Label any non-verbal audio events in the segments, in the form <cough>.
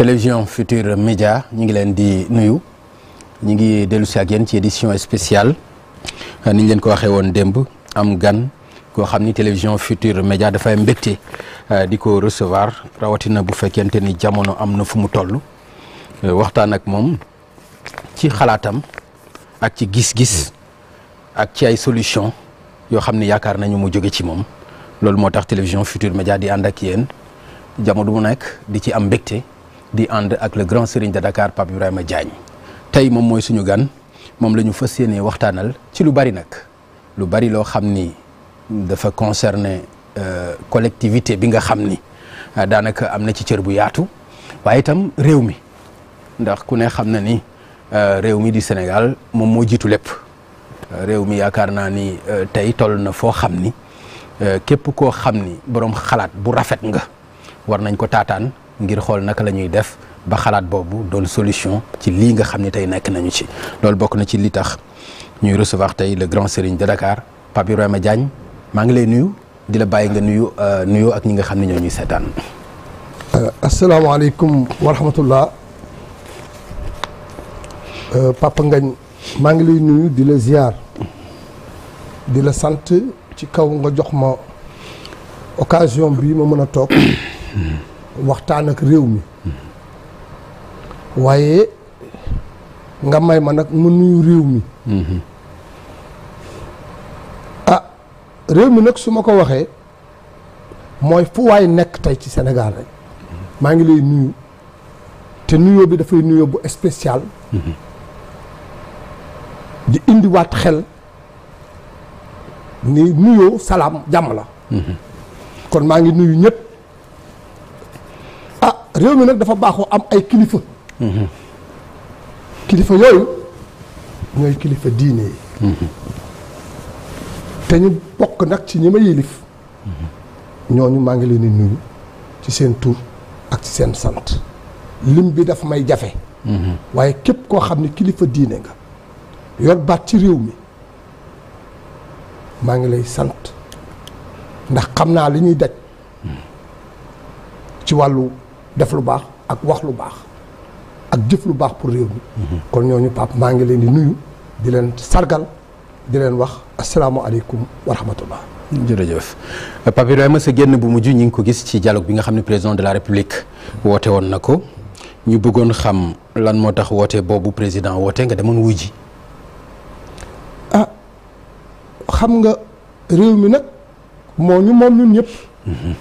télévision Futur Média ñu ngi leen di nuyu ñu ngi dellu si ak yéen ci édition spéciale euh, ni ñu leen ko waxee woon démb am gan koo xam ni télévision Futur Média dafay mbégte euh, di ko recevoir rawatina bu fekkente ni jamono am na fu mu toll euh, waxtaan ak moom ci xalaatam ak ci gis-gis ak ci ay solution yoo xam ne yaakaar nañu mu jóge ci moom loolu moo tax télévision Futur Média di ànd ak yéen jamono bu mu nekk di ci am mbégte. di ànd ak le grand serigne de Dakar Pape Ibrahima Diagne tey moom mooy suñu gan moom lañu fa fas waxtaanal ci lu bari nag lu bari loo xam ni dafa concerner euh, collectivité bi nga xam ni euh, daanaka am na ci cër bu yaatu waaye itam réew mi ndax ku ne xam na ni euh, réew mi di Sénégal moom moo jiitu lépp réew mi yaakaar naa ni tey toll na foo xam ni képp koo xam ni boroom xalaat bu rafet nga war nañ ko taataan ngir xool naka la ñuy def ba xalaat boobu doon solution ci lii nga xam ne tey nekk nañu ci loolu bokk na ci li tax ñuy recevoir tey le grand serigne de Dakar Pape Ibrahima Diagne maa ngi lay nuyu di la bàyyi nga nuyu euh, nuyoo ak ñi nga xam ne ñoo ñuy seetaan. Euh, asalaamaaleykum wa rahmatullah euh, Papa Ngagne maa ngi lay nuyu di la ziar di la sant ci kaw nga jox ma occasion bii ma mën a toog. <coughs> Hmm. waxtaan ak réew mi waaye nga may ma nag ma nuyu réew mi ah réew mi nag su ma ko waxee mooy fu waay nekk tey ci senegal rek maa ngi lay nuyu te nuyoo bi dafay nuyoo bu spécial di indiwaat xel ni nuyoo salaam jàmm la kon maa ngi nuyu ñëpp réew mi nag dafa baaxu am ay kilifa. kilifa yooyu ñooy kilifa diine yi. te ñu bokk nag ci ñi ma yilif ñooñu maa ngi leen di nuyu ci seen tur ak ci seen sant lim bi dafa may jafe. waaye képp koo xam ne kilifa diine nga yor baat ci réew mi maa ngi lay sant ndax xam naa li ñuy daj ci wàllu. def lu baax ak wax lu baax ak jëf lu baax pour réew mi. kon ñooñu Pape maa ngi leen di nuyu di leen sargal di leen wax asalaamaaleykum wa rahmatullah. jërëjëf Pape Ibrahima sa génn bu mujj ñi ngi ko gis ci dialogue bi nga xam ne président de la république woote woon na ko ñu bëggoon xam lan moo tax woote boobu président woote nga demoon wuy ji. ah xam nga réew mi nag moo ñu moom ñun ñëpp. Mhm.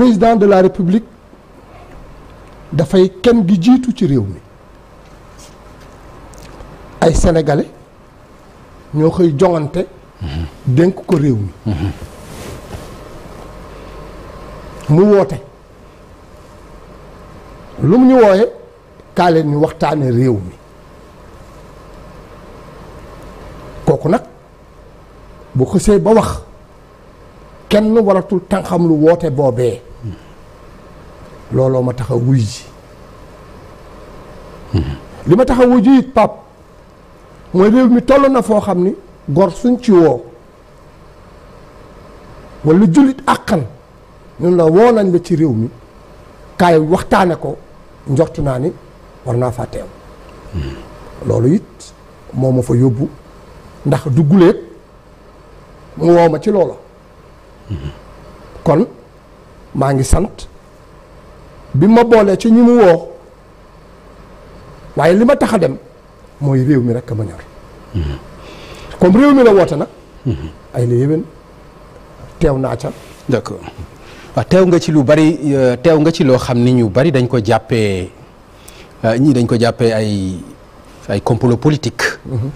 président de la république dafay kenn gi jiitu ci réew mi ay senegale ñoo koy joŋante. dénk ko réew mi. mu woote lu mu ñu wooye kaa ñu waxtaane réew mi kooku nag bu xësee ba wax kenn waratul tànxam lu woote boobee looloo ma tax a wuy ji hmm. li ma tax a wuy ji it pap mooy réew mi toll na foo xam ni gor suñ ci woo wala jullit àqan ñun la woo nañ la ci réew mi kaay waxtaane ko njortu naa ni war naa faa teew hmm. loolu it moo fa yóbbu ndax du guleet mu woo ma ci loola hmm. kon maa ngi sant bi ma boolee ci ñu mu woo waaye li ma tax a dem mooy réew mi rek ma ñor comme réew mi la woote nag ay la yéwén teew naa ca d'accord teew nga ci lu bari euh, teew nga ci loo xam ni ñu bari dañ ko jàppee euh, ñii dañ ko jàppee ay ay complot politique mm-hmm.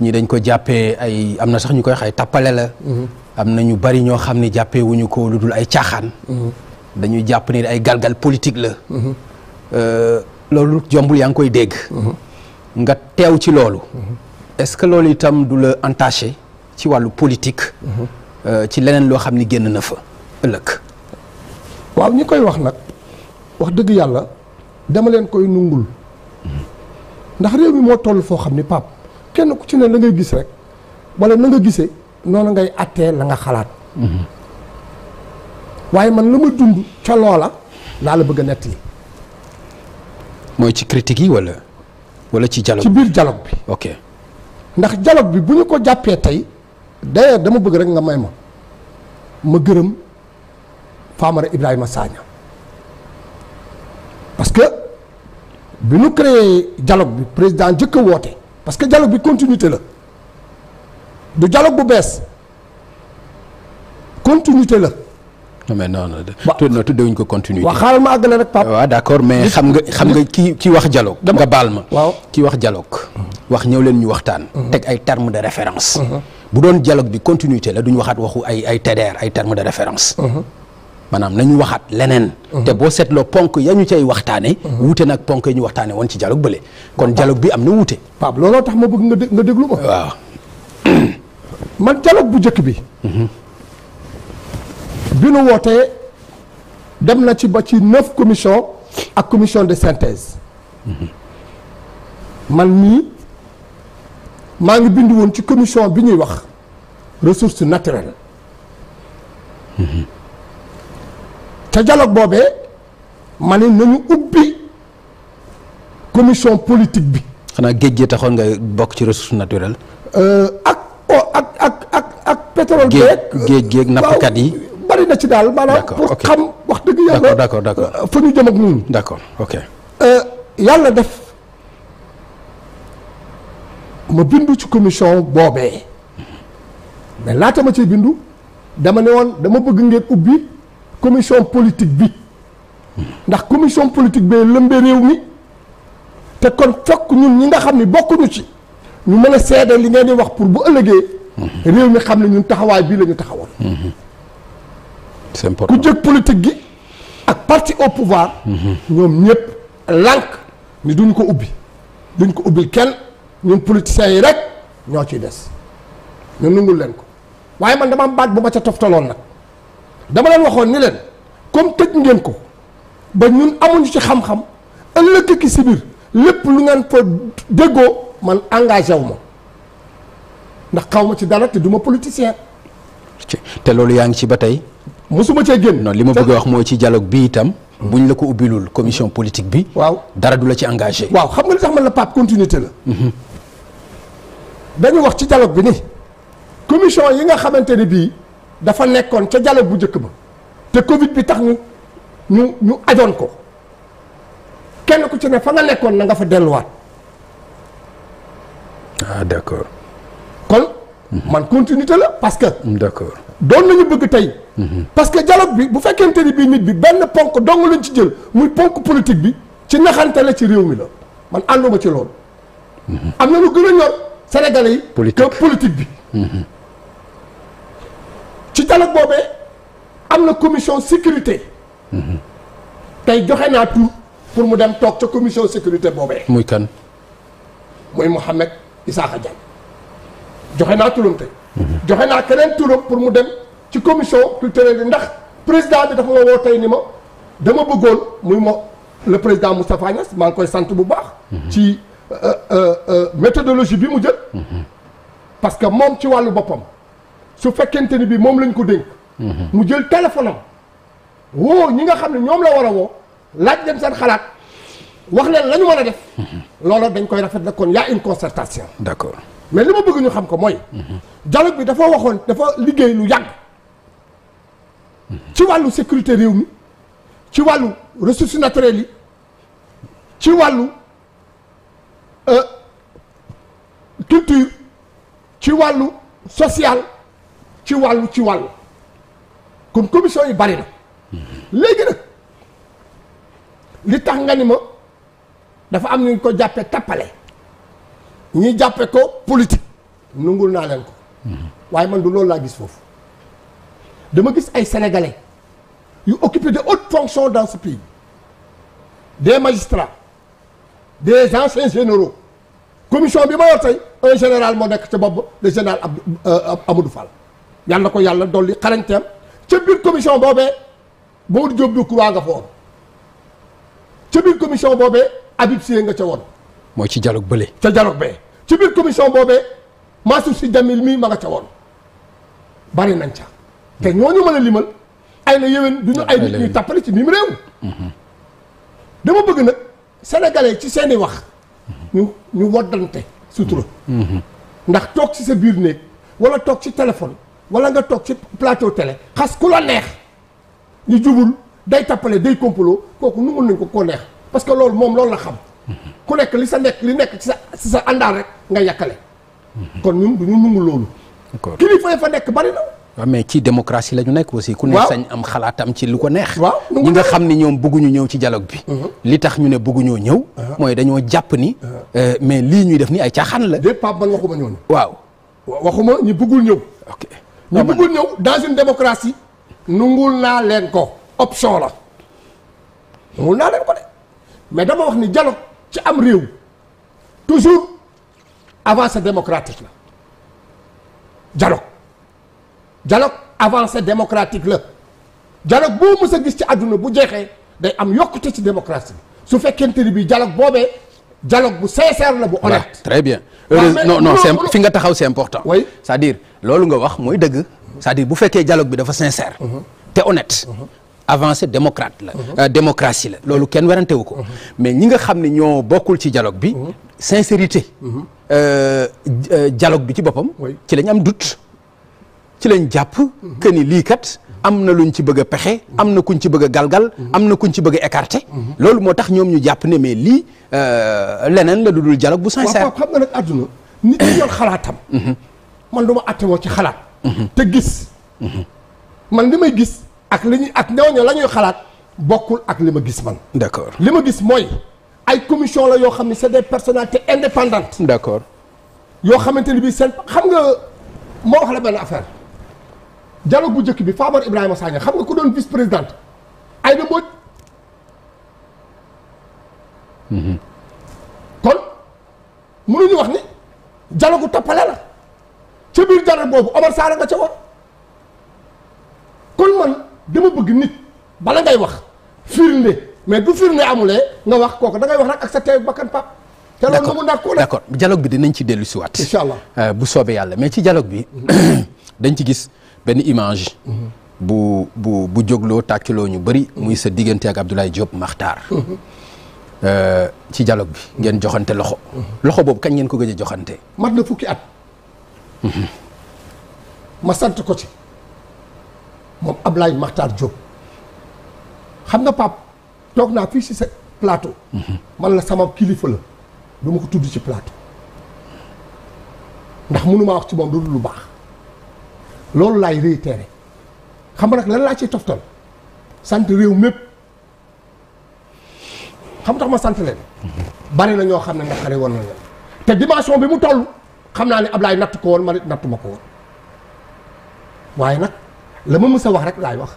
ñii dañ ko jàppee ay am na sax ñu koy wax ay tappale la mm-hmm. am na ñu bari ñoo xam ni jàppewuñu ko lu dul ay caaxaan mm-hmm. dañuy jàpp ni ay galgal politique la. Euh, loolu jombul yaa ngi koy dégg. nga teew ci loolu. est-ce que loolu itam du la entaché ci wàllu politique. Euh, ci leneen loo xam ni génn na fa ëllëg. waaw ñi koy wax nag wax dëgg yàlla dama leen koy nungul ndax réew mi moo toll foo xam ni pap kenn ku ci ne la ngay gis rek wala na nga gisee noonu ngay attee la nga xalaat. waaye man la ma dund ca loola laa la bëgg a nettali. mooy ci critique yi walla wala ci dialogue ci biir dialogue bi. ok ndax dialogue bi bu ñu ko jàppee tey d'ailleurs dama bëgg rek nga may ma ma gërëm Famara Ibrahima Sagna parce que bi ñu créé dialogue bi président njëkk a woote parce que dialogue bi continuité la du dialogue bu bees continuité la. non mais non non tuddewuñ ko continuité. waaw xaaral ma àggale rek Pape. waaw d' mais xam nga xam nga ki kii wax dialogue. nga baal ma waaw wax dialogue. Mhm. wax ñëw leen ñu waxtaan. Mhm. teg ay termes de référence. Mhm. bu doon dialogue bi continuité la duñ waxaat waxu ay ay TDR ay termes de référence. maanaam nañu waxaat leneen. te boo seetloo ponk ya ñu cay waxtaanee. wuute nag ponk ya ñu waxtaanee woon ci dialogue bële. kon dialogue bi am na wuute. Pape looloo tax ma bëgg nga déglu ma. waaw. man dialogue bu njëkk bi. bi nu wootee dem na ci ba ci neuf commission ak commission de synthèse man mii maa ngi bind woon ci commission bi ñuy wax ressources naturelles ca dialogue boobee ma ne nañu ubbi commission politique bi xanaa géej gi taxoon nga bokk ci ressources naturelles euh, ak o ak ak ak ak pétrole géej géej géej euh, nappkat yi doy na daal maanaam pour xam wax dëgg yàlla d'accord d'accord euh, fa ñu jëm ak ñun d'accord ok euh, yàlla def ma bindu ci commission boobee mais laata ma ciy bindu dama ne woon dama bëgg ngeen ubbi commission politique bi ndax commission politique bee lëmbee réew mi te kon fokk ñun ñi nga xam ni bokkuñu ci ñu mën a seede li ngeen di wax pour bu ëllëgee mm-hmm. réew mi xam ne ñun taxawaay bii la ñu taxawoon mm-hmm. c'est important ku jëkk politique gi ak parti au pouvoir. ñoom ñëpp lànk ni duñ ko ubbi duñ ko ubbi kenn ñun politiciens yi rek ñoo ci des ñu nungul leen ko waaye man dama am baat bu ma ca toftaloon nag dama leen waxoon ni leen comme tëj ngeen ko ba ñun amuñu ci xam-xam ëllëg ki si biir lépp lu ngeen fa déggoo man engagé wu ma ndax xaw ma ci dara te du ma politicien. te loolu yaa ngi ci ba tey. mosuma cee génn. non li ma bëgg a wax mooy ci dialogue bi itam. Hmm. buñ la ko ubbilul commission politique bi. waaw dara du la ci engagé. waaw xam nga li tax man la Pape continuité la. Mhm. dañu wax ci dialogue bi ni commission yi nga xamante ne bii dafa nekkoon ca dialogue bu njëkk ba te Covid bi tax ñu ñu ñu ajoon ko kenn ku ci ne fa nga nekkoon na nga fa delluwaat. ah d'accord man continuité la parce que. Mm, d'accord doon nañu bëgg tey. Mm-hmm. parce que dialogue bi bu fekkente ni bii nit bi benn ponk dong lañ ci jël muy ponk politique bi ci naxante ci réew mi la man ànduma ci loolu. Mm-hmm. am na lu gën a ñor Sénégalais yi. politique que politique bi. Mm-hmm. ci dialogue boobee am na commission sécurité. tey joxe naa tur pour mu dem toog ca commission sécurité boobee. muy kan. muy Mouhamed Isaaxa Diagne. joxe naa tulum tey. joxe naa keneen tulum pour mu dem ci commission culturelle bi ndax président bi dafa ma woo tey ni ma dama bëggoon muy ma le président Moustapha Niass maa ngi koy sant bu baax. ci euh, euh, euh, méthodologie bi mu jël. parce que moom ci wàllu boppam su fekkente ni bi moom lañ ko dénk. mu jël téléphone am woo ñi nga xam ne ñoom la war a woo laaj leen seen xalaat wax leen la ñu mën a def. <laughs> loolu dañ koy rafet la kon y a une concertation. mais li ma bëgg ñu xam ko mooy. dialogue bi dafa waxoon dafa liggéey lu yàgg. ci wàllu sécurité réew mi ci wàllu ressources naturelles yi ci wàllu euh, culture ci wàllu social ci wàllu ci wàllu kon commission yi bari na. léegi nag li tax nga ni ma dafa am ñu ko jàppee tappale. ñi jàppe ko politique nungul naa leen ko waaye man du loolu laa gis foofu dama gis ay sénégalais yu occupé de hautes fonctions dans ce pays des magistrats des anciens généraux commission bi ma yor tey un général moo nekk ca bopp le général euh, Amadou Fall yàlla na ko yàlla dolli xarañteem ca biir commission boobee Maodo Diop Decroix nga fa woon ca biir commission boobee Habib nga ca woon. mooy ci dialogue bële. ca dialogue bee. ci biir commission boobee Mansour si Djamil mii ma nga ca woon bari nañ ca te ñooñu mën a limal ay la yéwén du ñu ay lañuy ñuy tàppale ci mim réew dama bëgg nag sénégalais ci seeni wax ñu ñu woddante sutura ndax toog ci sa biir néeg wala toog ci téléphone wala nga toog ci plateau télé xas ku la neex ñu jubul day tappale day complot kooku nu mun nañ ko koo neex parce que loolu moom loolu la xam ku nekk li sa nekk li nekk ci sa ci sa àndaal rek nga yàkkale kon ñun du ñu nungu loolu kilifa yi fa nekk bari na waaw mais ci démocratie la ñu nekk aussi ku ne sañ am xalaatam ci lu ko neex waaw ñi nga xam ni ñoom bëgguñu ñëw ci dialogue bi uh-huh. li tax ñu ne bëgguñoo ñëw uh-huh. mooy dañoo jàpp ni uh-huh. euh, mais lii ñuy def nii ay caaxaan la déet Pape man waxuma ñooñu waaw waxuma ñi bëggul ñëw ok ñi bëggul ñëw dans une démocratie nungul naa leen ko option la nungul naa leen ko de mais dama wax ci am réew toujours avancée démocratique la dialogue dialogue avancée démocratique la dialogue boo mës a gis ci àdduna bu jeexee day am yokkute ci démocratie su fekkente ni bi dialogue boobee dialogue bu sincère la bu honnête très bien non no fi nga taxaw c'est important oui cest à loolu nga wax mooy dëgg c'est-à-dire bu fekkee dialogue bi dafa sincère mhm. te honnête mhm. avancée démocrate la mhm. euh, démocratie la loolu kenn werante wu ko mhm. mais ñi nga xam ne ñoo bokkul ci dialogue bi mhm. sincérité euh, euh, dialogue bi ci boppam ci lañ am doute ci lañ jàpp que ni lii kat am na luñ ci bëgg a pexe am na kuñ ci bëgg a galgal am na kuñ ci bëgg écarté loolu moo tax ñoom ñu jàpp ne mais lii leneen la dudul dialogue bu sincère xam xalaatam man du ma attewoo ci xalaat te gis man li may gis ak li ñuy ak ñooñu la ñuy xalaat bokkul ak li ma gis man. d'accord li ma gis mooy ay commission la yoo xam ne c'est des personnalités indépendantes. d'accord yoo xamante ni bii seen xam nga moo wax la benn affaire dialogue bu njëkk bi Famara Ibrahima Sagna xam nga ko doon vice présidente Aïda Mbodj. Mhm. kon mënuñu wax ni dialogue gu toppale la ca biir dialogue boobu Omar Sarr nga ca woon kon man. dama bëgg nit bala ngay wax firnde mais bu firnde amulee nga wax kooku da ngay wax nag ak sa teew bakkan pap te loolu mu ndax ko la d'accord dialogue bi dinañ ci dellu si waat incha euh, bu soobee yàlla mais ci dialogue bi <coughs> dañ ci gis benn image mm-hmm. bu bu bu jógloo tàkkiloo ñu bëri muy sa diggante ak Abdoulaye Diop Makhtar mm-hmm. euh, ci dialogue bi ngeen joxante loxo mm-hmm. loxo boobu kañ ngeen ko gëj a joxante mat na fukki at ma sant ko ci moom Ablaye Makhtar Diop xam nga Pape toog naa fii si sa plateau. man la sama kilifa la du ma ko tudd ci plateau ndax mënumaa wax ci moom du lu baax loolu laay réitéré xam nga nag lan laa ci toftal sant réew mépp xam tax ma sant leen. bari na ñoo xam ne xare woon na leen te dimension bi mu toll xam naa ne Ablaye natt ko woon man it natt ma ko woon waaye nag. la ma mës a wax rek laay wax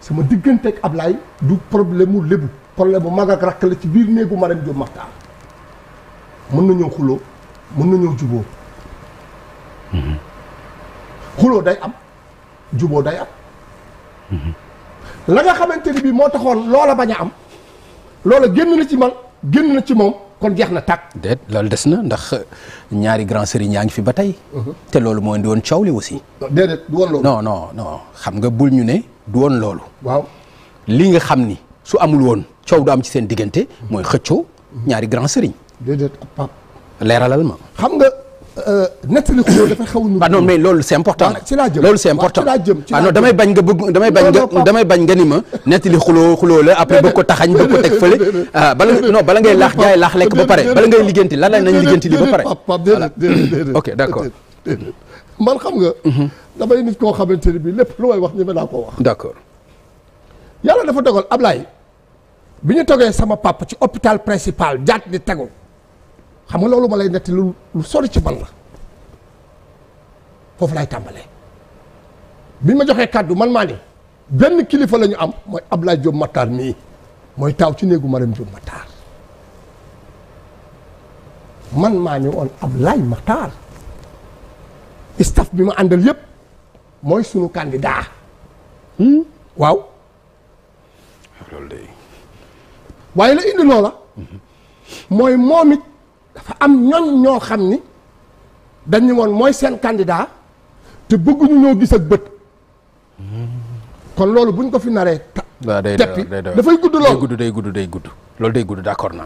sama digganteeg Ablaye du problème mu lébu problème bu mag ak rakk la ci biir néegu ma Marème Diop Makhtar mën nañoo xuloo mën nañoo juboo xuloo day am juboo day am la nga xamante ni bii moo taxoon loola bañ a am loola génn na ci man génn na ci moom kon jeex na tàkk. déet loolu des na ndax ñaari grand sëriñ yaa ngi fi ba tey. Mhm. te loolu mooy indi woon coow li aussi. déedéet du woon loolu. xam nga bul ñu ne du woon loolu. waaw li nga xam ni su amul woon coow du am ci seen diggante. mooy xëcco mhm. ñaari grand sëriñ. leeralal ma xam nga. Euh, nettali ko dafa xaw ñu. ah non mais loolu c' est important nag. Ah, ci laa jëm loolu c' est ah, important ah damay bañ nga bëgg damay bañ nga bañ nga ni ma nettali xuloo xuloo la après bëgg ko taxañ bëgg ko teg fële ah bala non ngay laax jaay laax lekk ba pare bala ngay liggéenti lan la nañ liggéenti li ba pare. ok d' accord. man xam nga. Mhm. damay nit koo xamante ne bii lépp lu may wax ñu mën naa koo wax. d' accord. yàlla dafa dogal Ablaye bi ñu toggee sama papa ci hôpital principal jaat di tegu. xam nga loolu ma lay netti lu lu sori ci man la foofu lay tàmbalee bi ma joxee kàddu man maa benn kilifa la ñu am mooy Ablaye Diop Matar mii mooy taaw ci néegu Marème Diop Matar man maa ni woon bi ma àndal yépp mooy sunu candidat hmm? waaw loolu waaye la indi loola mm-hmm. mooy moom dafa am ñoñ ñoo xam ni dañu woon mooy seen candidat te bëgguñu ñoo gis ak bët kon loolu buñ ko fi naree. teppi dafay gudd lool day gudd day gudd loolu day gudd d'accord na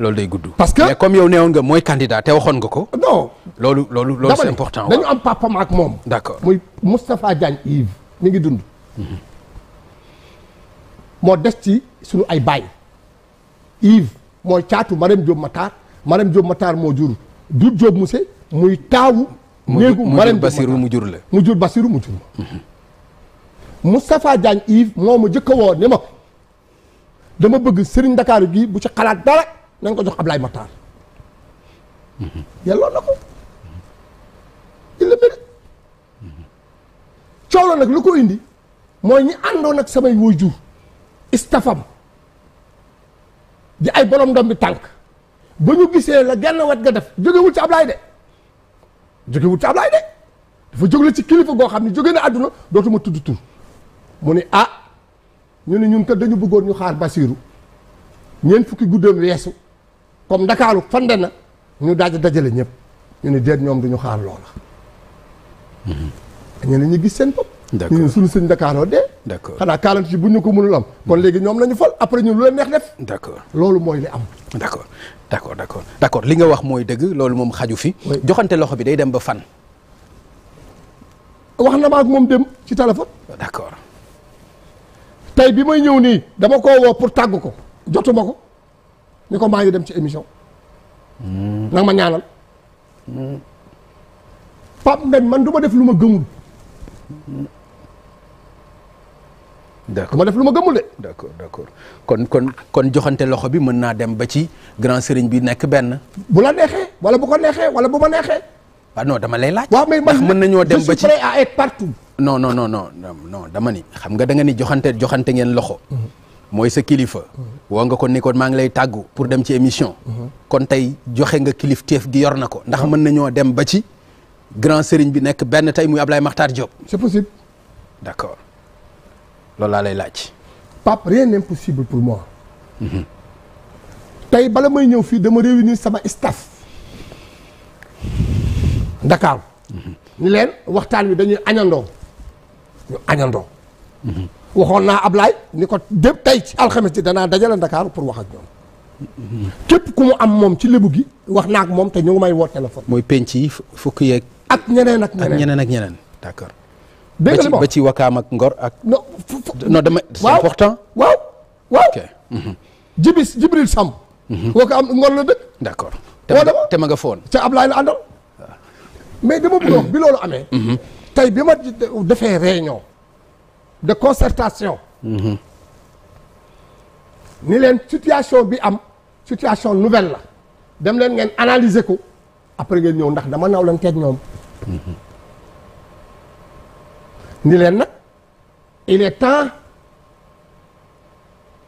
loolu day gudd. parce que comme yow neewoon nga mooy candidat te waxoon nga ko. non loolu loolu loolu c'est important. dañu am papam ak moom. d'accord muy Moustapha Diagne Yves mu ngi dund. Mhm. moo des ci suñu ay baay Yves mooy caatu Marème Diop Matar. Marème Diop Matar moo jur Doudou Diop Mousse muy taawu. néegu Marème Diop mu jur la mu jur Bassirou mu jur ma. Moustapha Diagne Yves moo ma jëkk a woo ne ma dama bëgg Serigne ndakaaru gii bu ci xalaat dara na ko jox Ablaye Matar. yàlla na ko il le mérite. coolo nag lu ko indi mooy ñi àndoon ak samay waajur istafam di ay borom ndom bi tànk ba ñu gisee la genn wet ga def jógewul ci Ablaye de jógewul ci Ablaye de dafa jógle ci kilifa goo xam ne jóge na àdduna dootuma tudd tur mu ne ah ñu ne ñun kat dañu bëggoon ñu xaar Basiiru ñeent fukki guddeem weesu comme ndakaaru fande na ñu daaj dajale ñëpp ñu ne déet ñoom duñu xaar loola mm-hmm. ñeneen ñu gis seen bopp d'accord ñu ne suñu sëñ Ndakaaroo dee xanaa quarante ci bu ñu ko mënul am kon mm-hmm. léegi ñoom la ñu fal après ñu lu leen neex def loolu mooy li am d'accord d' accord d' li nga wax mooy dëgg loolu moom xaju fi. joxante loxo bi day dem ba fan. wax na ma ak moom dem ci téléphone. d' accord. tey bi may ñëw nii dama koo woo pour tàgg ko jotuma ko ni ko maa ngi dem ci émission. Hmm. nanga ma ñaanal. Hmm. Pape Ngagne man du ma def lu ma gëmul. Hmm. du lu ma gëmul kon kon kon joxante loxo bi mën naa dem ba ci grand sëriñ bi nekk benn. bu la neexee wala bu ko neexee wala bu ma neexee. waaw ah dama lay laaj. waaw mais mën nañoo dem ba ci je suis prêt à être partout. non non dama ni xam nga da nga ni joxante joxante ngeen loxo. Mhm. mooy sa kilifa. Mhm. woo nga ko ni maa ngi lay tàggu pour dem ci émission. Mhm. kon tey joxe nga kilifteef gi yor na ko ndax mën nañoo dem ba ci grand sëriñ bi nekk benn tey muy Ablaye Makhtar Diop. c'est possible loolu laa lay laaj. Pape rien possible pour moi. tey bala may ñëw fii dama réunir sama staff. Dakar. ni leen waxtaan wi dañuy añandoo. ñu añandoo. waxoon naa laay ni ko dem tey ci alxames ji danaa dajale Dakar pour wax ak ñoom. képp ku mu am moom ci lébu gi wax naa ak moom te ñu ngi may woo téléphone. mooy penc yi fukk yeeg. ak ñeneen ak ñeneen ak ñeneen ak ñeneen d'accord. dégg nga ba ci wakaam ak ngor ak. non non dama c'est important. waaw waaw. ok. Mhm. jibis Jibril Sam. Mhm. wakaam ngor la dëkk. d'accord te ma nga foon. ca Ablaye la àndal. mais dama bëgg wax bi loolu amee. Mhm. tey bi ma defee réunion. de concertation. ni leen situation bi am situation nouvelle la dem leen ngeen analyser ko après ngeen ñëw ndax dama naw leen teg ñoom. ni leen nag il est temps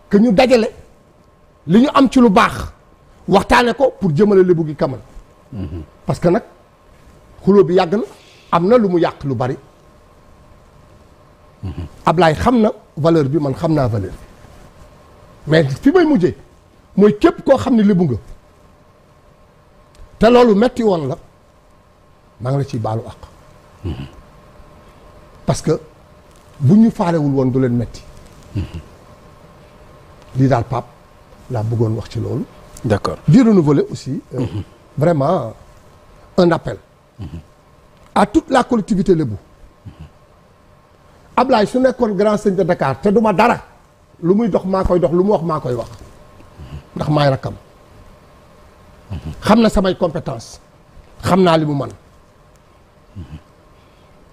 que ñu dajale li ñu am ci lu baax waxtaane ko pour jëmale lébu gi kamal mhm. parce que nag xuloo bi yàgg na am na lu mu yàq lu bari mhm. Ablaay xam na valeur bi man xam naa valeur bi mais fi may mujjee mooy képp koo xam ne lébu nga te loolu metti woon la maa ngi la ciy baalu àq mhm. parce que bu ñu faalewul woon du leen metti lii daal Pape laa bëggoon wax ci loolu. d'accord di renouveler aussi. Euh, mmh. vraiment euh, un appel. Mmh. à toute la collectivité lébu. Ablaye su nekkoon grand sëñ de Dakar te duma dara lu muy dox maa koy dox lu mu wax maa koy wax ndax maay rakkam xam na samay compétence xam naa li mu man mhm.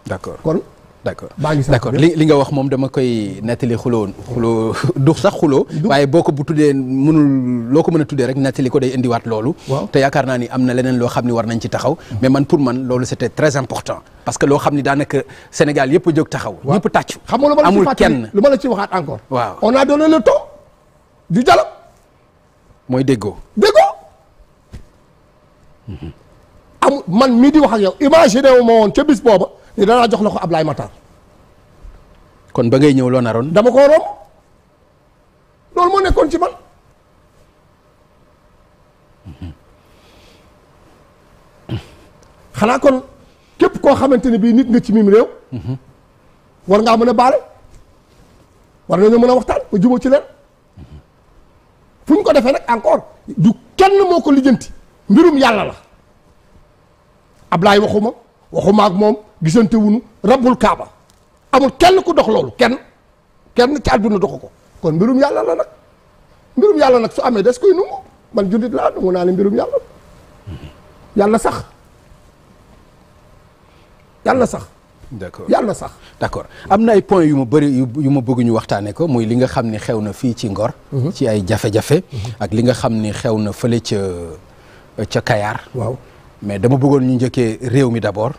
d'accord kon. d'accord d'accord li li nga wax moom dama koy nettali xuloo xuloo <laughs> du sax xuloo waaye boo ko bu tuddee mënul loo ko mën a tuddee rek nettali ko day indiwaat loolu te yaakaar naa ni am na leneen loo xam ni war nañ ci taxaw mais man pour man loolu c'était très important parce que loo xam ni daanaka Sénégal yëpp a jóg taxaw ñëpp tàccu xam nga lu ma la amul kenn lu ma la ci waxaat encore waaw a donné le temps du dialogue mooy mhm. man mii di wax ak yow imaginé wu ma woon ca bis booba ni danaa jox loxo Ablaye Matar. kon ba ngay ñëw loo naroon. dama ko romb loolu moo nekkoon ci man. xanaa kon képp koo xamante ne bii nit nga ci mim réew. war ngaa mën a baale. war nañoo mën a waxtaan ba jubóo ci leen. fu ñu ko defee nag encore du kenn moo ko lijjanti mbirum yàlla la ablaay waxuma waxuma ak moom. gisante wuñu rabbul kaaba amul kenn ku dox loolu kenn kenn ci àdduna doxu ko kon mbirum yàlla la nag mbirum yàlla nag su amee des koy nu man jullit laa nangu naa ne mbirum yàlla la sax yàlla sax. d'accord yàlla sax. d'accord am na ay points yu ma bëri yu ma bëgg ñu waxtaanee ko muy li nga xam ni xew na fii ci Ngor. Mhm. ci ay jafe-jafe. Mhm. ak li nga xam ni xew na fële ca ca Kayar. waaw mais dama bëggoon ñu njëkkee réew mi d'abord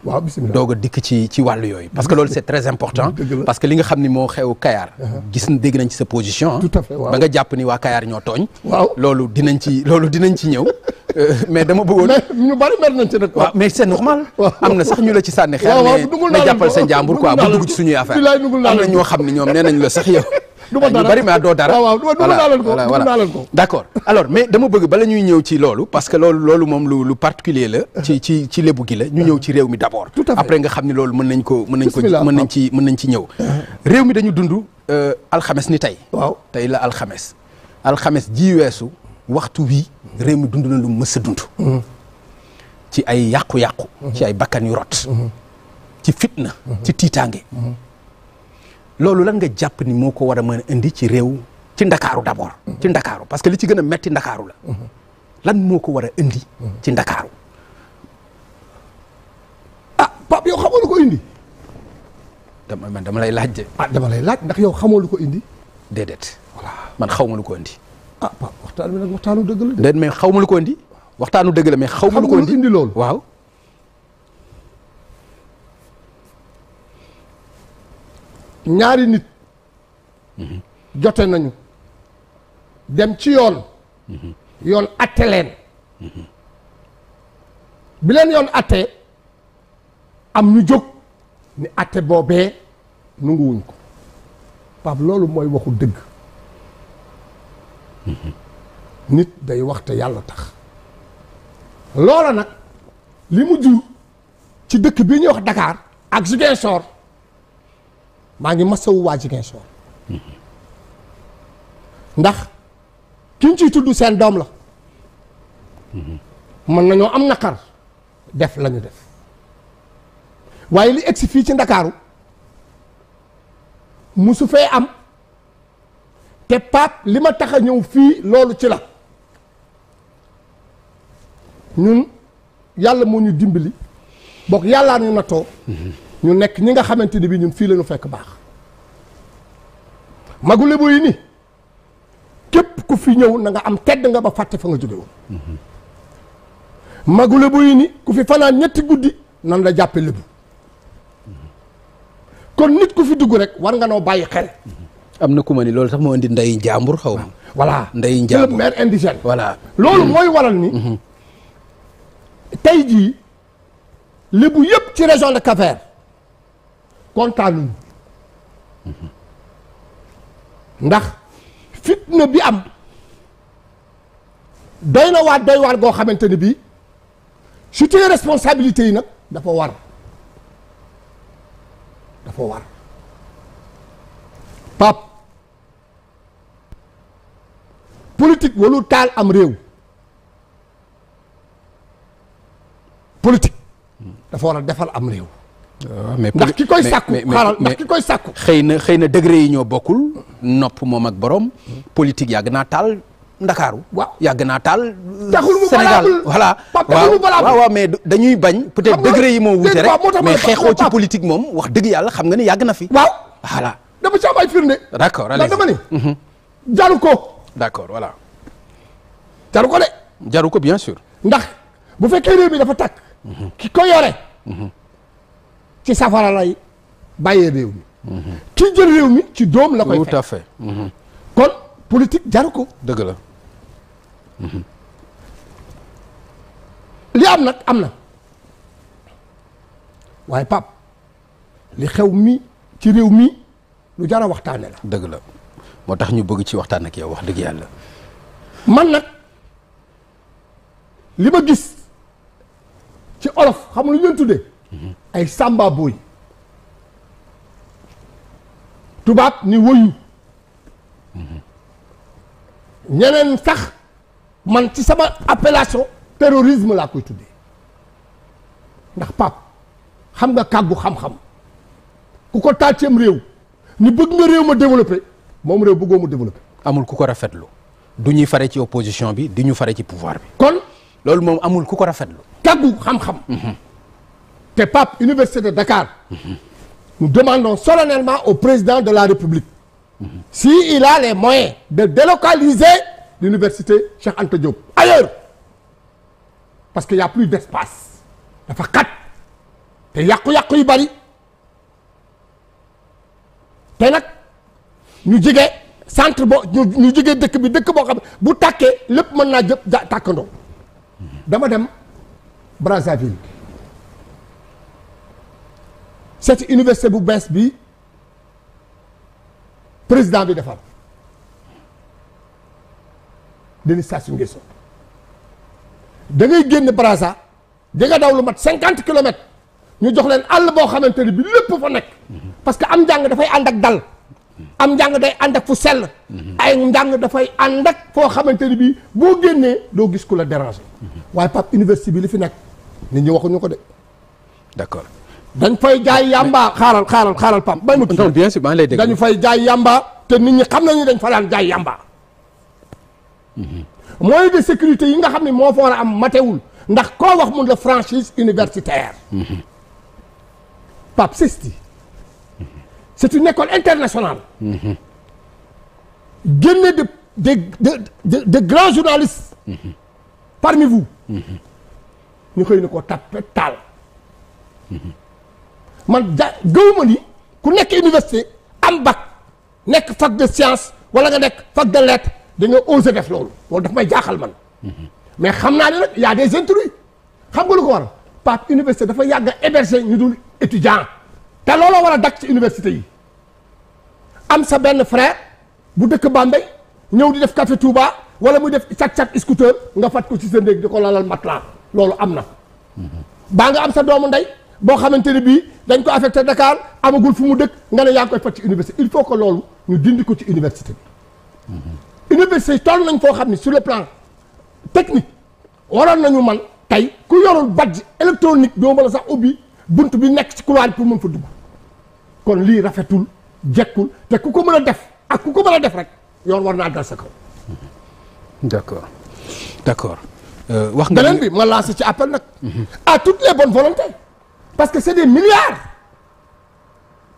doog a dikk ci ci yooyu parce que loolu c'est très important <laughs> parce que li nga xam ni moo xew Kayar uh-huh. gis dégg nañ ci ah. ni waa Kayar ñoo tooñ loolu dinañ ci loolu dinañ ci ñëw <laughs> euh, mais dama bëggoon ñu bari mer c'est normal am na sax ñu la ci sànni <laughs> xeer ne jàppal sa njàmbur quoi bu dugg ci suñuy affaire am na ñoo xam ne ñoom nee nañ la sax yow du ma ah, bari ma doo dara waaw waaw du ma daalal ko du ma daalal ko d'accord alors mais dama bëgg bala ñuy ñëw ci loolu parce que loolu loolu moom lu lu particulier la <laughs> ci ci ci lébu gi la ñu ñëw ci réew mi d'abord tout à fait après nga xam ne loolu mën nañ ko mën nañ ko mën nañ ci mën nañ ci ñëw <laughs> réew mi dañu dund euh, alxames ni tey tey la alxames alxames ji weesu waxtu wii réew mi dund na lu mës a mm-hmm. ci ay yàqu-yàqu mm-hmm. ci ay bakkan yu rot mm-hmm. ci fitna ci tiitaange loolu lan nga jàpp ni moo ko war a mën a indi ci réew ci ndakaaru d'abord mm-hmm. ci ndakaaru parce que li ci gën a metti ndakaaru la mm-hmm. lan moo ko war a indi mm-hmm. ci ndakaaru ah Pape yow xamoo ko indi dama man dama lay laaj de ah dama lay laaj ndax yow xamoo lu ko indi déedéet voilà man xaw ma lu ko indi ah Pape bi nag waxtaanu dëgg la déet mais xaw ma ko indi waxtaanu dëgg la mais xaw ma lu ko indi loolu waaw ñaari nit jote nañu dem ci yoon yoon atte leen bi leen yoon atte am ñu jóg ni atte boobee nunguwuñ ko Pape loolu mooy waxu dëgg nit day waxte yàlla tax loola nag li mu ci dëkk bi ñuy wax dakaar ak Ziguinchor maa ngi masawu waa Ziguinchor ndax kiñ ciy tudd seen doom la mën nañoo am naqar def lañu def waaye li egsi fii ci ndakaaru musu fee am te Pape li ma tax a ñëw fii loolu ci la ñun yàlla moo ñu dimbali bokk yàllaa ñu nattoo ñu nekk ñi nga xamante ni bi ñun fii la ñu fekk baax magu Lebu yi ni képp ku fi ñëw na nga am tedd nga ba fàtte fa nga jóge woon magu Lebu ni ku fi fanaan ñetti guddi nan la jàppe Lebu kon nit ku fi dugg rek war nga noo bàyyi xel am na ku ma ni loolu sax moo indi nday njaambur xaw na voilà nday njaambur maire voilà loolu mm. mooy waral ni mm-hmm. tey jii Lebu yëpp ci région de cap kontaanuñ ndax fitna bi am doy na waat doy waar goo xamante ni bii situé responsabilité yi nag dafa war dafa war pap politique walu taal am réew politik dafa war a defal am réew Ah, ndax ki koy sàkku xaaral ndax ki koy sàkku xëy na xëy na degré yi ñoo bokkul nopp moom ak borom politique yàgg naa taal ndakaaru waaw yàgg naa taal Sénégal voilà waaw waaw me dañuy bañ peut-être degré yi moom wute rek mais xeexoo ci moom wax dëgg yàlla xam nga ni yàgg na fi waaw voilà dama ci am mhm. ko d'accord voilà jaru ko de jaru ko bien sûr ndax bu fekkee réew mi dafa tàkk mhm. ki ko yore mhm. ci safaralay lay bàyyee réew mi ki jël réew mi ci doom la koy tout à fait kon politique jaru ko dëgg la mhm. li am nag am na waaye pap li xew mi ci réew mi lu jara a waxtaane la dëgg la moo tax ñu bëgg ci waxtaan ak yow wax dëgg yàlla man nag li ma gis ci olof xam lu ñu tuddee ay sàmba booy tubaab ni woyu ñeneen sax man ci sama appellation terrorisme laa koy tuddee ndax pap xam nga kàggu xam-xam ku ko tàcceem réew ni bëgg nga réew ma développé moom réew bëggoo mu développé amul ku ko rafetlu du ñuy fare ci opposition bi di ñu fare ci pouvoir bi kon loolu moom amul ku ko rafetlu kàggu xam-xam mhm. te Pape Université de Dakar nous demandons solennellement au président de la République si il a les moyens de délocaliser l'université Cheikh Anta Diop ailleurs parce que y a plus d'espace dafa xat te yàqu-yàqu yi bari te nag ñu jige centre bo ñu jige dëkk bi dëkk boo xam bu tàkkee lépp mën naa jëpp tàkkandoo dama dem Brazzaville cette université bu bees bi président bi defar Denis Sassou Nguesso da ngay génn Brazza di nga daw lu mat cinquante kilomètres ñu jox leen àll boo xamante ni bi lépp fa nekk parce que am njàng dafay ànd ak dal am njàng day ànd ak fu sell ay njàng dafay ànd ak foo xamante ni bi boo génnee doo gis ku la derange waaye Pape université bi li fi nekk nit ñi waxuñu ko de d'accord dañ fay jaay yamba xaaral xaaral xaaral pam bay ma tuuti bien sûr maa fay jaay yamba te nit ñi xam nañu dañ faraal daan jaay yamba mhm. moyen de sécurité yi nga xam ne moo fa war am matewul ndax koo wax mun la franchise universitaire mhm. Pape Sisti c'est une école internationale mhm. génne de de de de grands journalistes parmi vous ñu xëy na ko tappe taal man ja gëw ma ni ku nekk université am bac nekk fac de science wala nga nekk fac de lettre da nga osé def loolu loolu daf may jaaxal man. mais xam naa ne nag y a des intrus xam nga lu ko waral Pape université dafa yàgg a ñu dul étudiant te looloo war a dak ci université yi am sa benn frère bu dëkk Bambey ñëw di def café Touba wala muy def càq-càq scooter nga fat ko ci sa néeg di ko lalal matelas loolu am na. baa nga am sa doomu ndey. boo xamante ne bii dañ ko affecté Dakar amagul fu mu dëkk nga ne yaa koy faj ci université il faut que loolu ñu dindi ko ci université bi. Mm-hmm. université toll nañ foo xam ne su le plan technique waroon nañu man tey ku yorul badge électronique doo mën a sax ubbi bunt bi nekk ci couloir pour mën fa dugg kon lii rafetul jekkul te ku ko mën a def ak ku ko mën a def rek yoon war naa dal sa kaw. Mm-hmm. d'accord d'accord. Euh, wax nga beneen bi ma lancé ci appel nag. Mm-hmm. à toutes les bonnes volontés. parce que c'est des milliards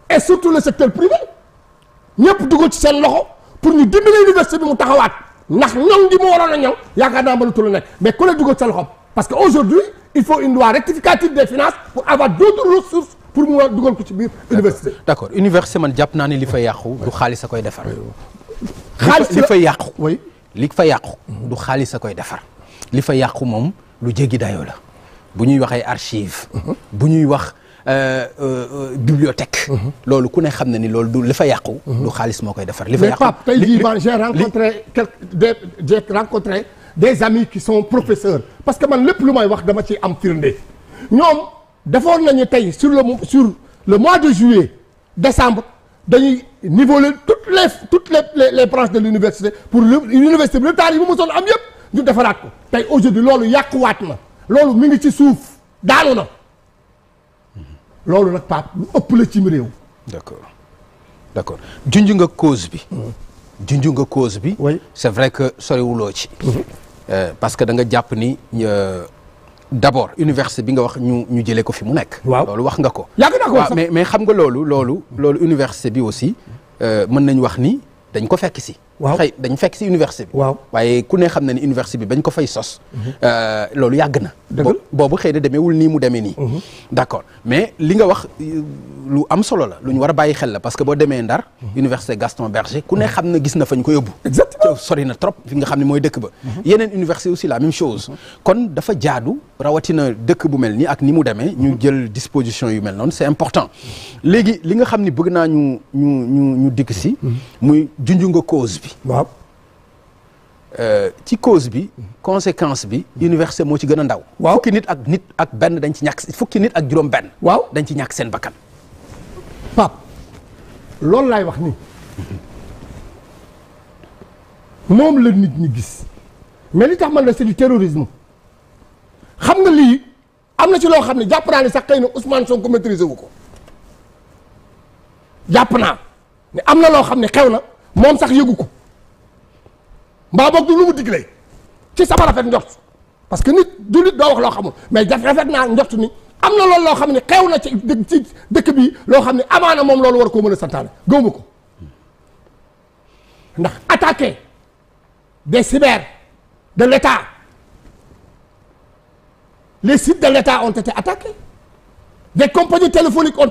et surtout le secteur privé ñëpp dugg ci seen loxo pour ñu dimbali université bi mu taxawaat ndax ñoom di mu waroon a ñoŋ yaakaar naa ba lu tollu nekk mais ku la dugg ci sa loxo parce que aujourd'hui il faut une loi rectificative des finances pour avoir d'autres ressources pour mu dugal ko ci biir université. d'accord université man jàpp naa ne li fa yàqu du xaalis a koy defar. xaalis li fa yàqu. oui li fa yàqu. du xaalis koy defar. li fa yàqu moom lu jéggi dayoo la. bu ñuy waxee ay archives. bu ñuy wax euh, euh, euh, bibliothèque. loolu ku ne xam na ni loolu du li fa yàqu. du xaalis moo koy defar li fa yàqu. mais Pape tey jii man des amis qui sont professeurs parce que man lépp lu may wax dama ci am firnde ñoom defoon nañu tey sur le sur le mois de juillet décembre dañuy niveler toutes les toutes les les, les branches de l'université pour l'université bi retard yi mu mosoon am yëpp ñu defaraat ko tey aujourd'hui loolu yàquwaat na. loolu mi ngi ci suuf daanu na loolu nag Pape lu ëpp la cim réew. d'accord d'accord junj nga cause bi. Hmm. junj nga cause bi. oui c'est vrai que soriwuloo ci. Hmm. Euh, parce que da nga jàpp ni euh, d'abord université bi nga wax ñu ñu jëlee ko fi mu nekk. waaw loolu wax nga ko. yàgg na mais mais xam nga loolu loolu. loolu université bi aussi euh, mën nañ wax ni dañ ko fekk si. waaw xëy dañ fekk si université bi. waaye ku ne xam na ni université bi bañ ko fay sos. Mhm. Euh, loolu yàgg na. boobu xëy na demeewul nii mu demee nii. Mhm. d'accord mais li nga wax euh, lu am solo la lu ñu war a bàyyi xel la parce que boo demee Ndar. Mhm. université Gaston Berger ku ne xam na gis na fañ ko yóbbu. exactement sori na trop fi nga xam ne mooy dëkk ba. yeneen université aussi la même chose. kon dafa jaadu rawatina dëkk bu mel nii ak ni mu demee. ñu jël disposition yu mel noonu c'est important. léegi li nga xam ni bëgg naa ñu ñu ñu ñu dikk si. muy junj nga cause bi. waaw euh, ci cause bi. conséquence bi. université moo ci gën a ndaw. waaw fukki nit ak nit ak benn dañ ci ñàkk fukki nit ak juróom benn. waaw dañ ci ñàkk seen bakkan. Pape loolu laay wax ni moom la nit ñi gis mais li tax man la c'est du terrorisme xam nga lii am na ci loo xam ne jàpp naa ne sax xëy na Ousmane Sonko maîtriser wu ko jàpp naa ne am na loo xam ne xew na. moom sax yëgu ko mbaa boog du lu mu digle ci sama rafet njort parce que nit du nit doo wax loo xamul mais daf rafet naa njort ni am na loolu loo xam ne xew na ci dëkk bi loo xam ne amaana moom loolu war ko mën a santaane gëwma ko ndax attaquer des cyber de l'État les sites de l'État ont été attaqués des compagnies téléphoniques ont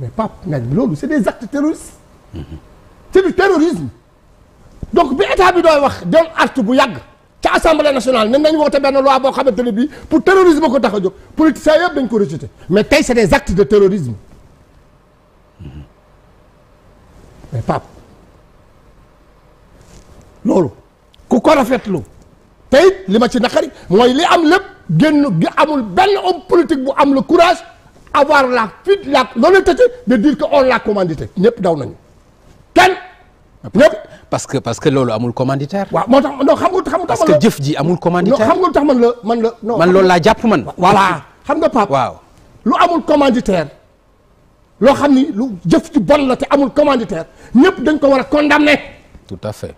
mais Pape Ngagne bi loolu c'est des actes terroristes c'est du terrorisme donc bi état bi dooy wax doon acte bu yàgg ca assemblée nationale nañ nañ woote benn loi boo xamante ne bii pour terrorisme ko tax a jóg politiciens yëpp dañ ko rejeté mais tey c'est des actes de terrorisme loolu ku ko rafetlu tey li ma ci naqari mooy li am lépp génn gi amul benn homme politique bu am la courage avoir la fuite la l'honnêteté de dire que on l'a commandité ñëpp daw nañu kenn ñëpp parce que parce que loolu amul commanditaire waaw moo tax non xam xam parce que jëf ji amul commanditaire non xam nga tax man la man la non man loolu laa jàpp man voilà xam nga Pape waaw lu amul commanditaire loo xam ni lu jëf ju bon la te amul commanditaire ñëpp dañ ko war a condamner tout à fait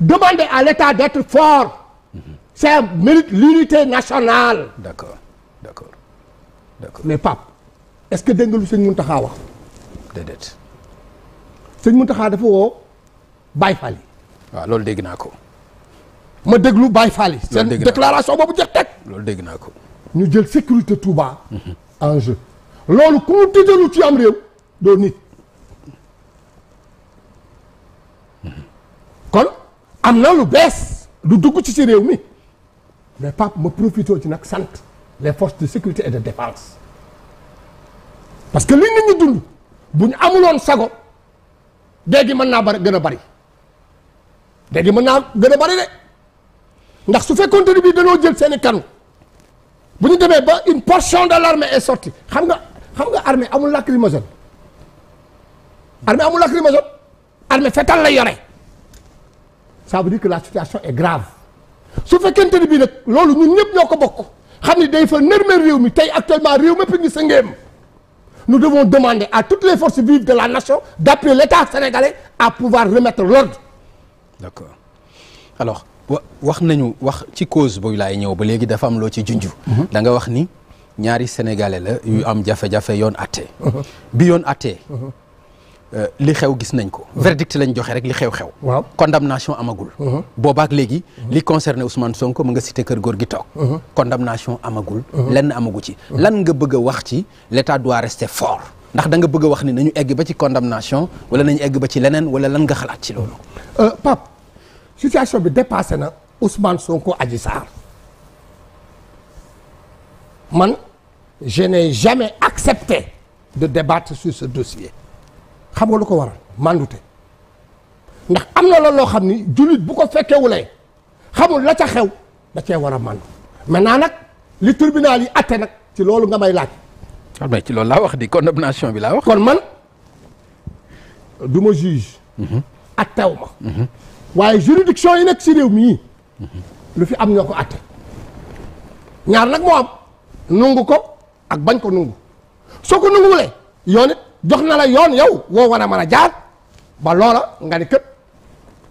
demander à l'État d'être fort mm -hmm. ça mérite l'unité nationale mais Pape est-ce que dégg nga lu sëñ Muntaxa wax. déedéet. sëñ dafa woo Baye Fall yi. waaw loolu dégg naa ko. ma déglu Baye Fall yi. seen déclaration boobu jeex teg. loolu dégg naa ko. ñu jël sécurité Touba. Mhm. en jeu loolu ku mu tëjalu ci am réew doo nit. Mhm. kon am na lu bees lu dugg ci ci réew mi mais Pape ma profité ci nag sant. les forces de sécurité et de défense parce que li nit ñi dund bu ñu amuloon sago dégg mën naa bari gën a bari dégg mën naa gën a bari de ndax su fekkoonte ni bii dañoo jël seeni kanu bu ñu demee ba une portion de l'armée est sorti xam nga xam nga armée amul lacrymogène armée amul lacrymogène armée fetal la yore ça veut dire que la situation et grave su fekkente ni bii nag loolu ñun ñëpp ñoo ko bokk xam ni day fa nërmeel réew mi tey actuellement réew mépp ngi sa ngéem nous devons demander à toutes les forces vives de la nation d'appuyer l'État sénégalais à pouvoir remettre l'ordre d'accord alors wax nañu wax ci cause boobu laay ñëw ba léegi dafa am loo ci junju mhm. da nga wax ni ñaari sénégalais la yu am jafe-jafe yoon atte mhm. bi yoon atte mhm. Euh, li xew gis nañ ko. verdict lañ joxe rek li xew xew. waaw condamnation amagul. Uh-huh. boobaak léegi uh-huh. li concerné Ousmane Sonko mu nga cité kër góor gi toog. Uh-huh. condamnation amagul. lenn amagu ci. lan nga bëgg wax ci l'État doit rester fort ndax da nga bëgg wax ni nañu egg ba ci condamnation wala nañu egg ba ci leneen wala lan nga xalaat ci loolu. Uh, Pape situation bi dépassé na Ousmane Sonko Adji Sarr man je n'ai jamais accepté de débattre sur ce dossier. xam nga lu ko waral mandute ndax am na la loo xam ni jullit bu ko fekkewulee xamul la ca xew da cee war a mandu maintenant nag li tribunal yi atte nag ci loolu nga may laaj. waaw ah, ci loolu laa wax di condamnation bi laa wax. kon man du ma juge. Mhm. attew ma. Mhm. waaye juridiction yi nekk ci réew mii mhm. lu fi am ñoo ko atte ñaar nag moo am nungu ko ak bañ ko nungu soo ko nunguwulee yoon it jox na la yoon yow woo war a mën a jaar ba loola nga ni kët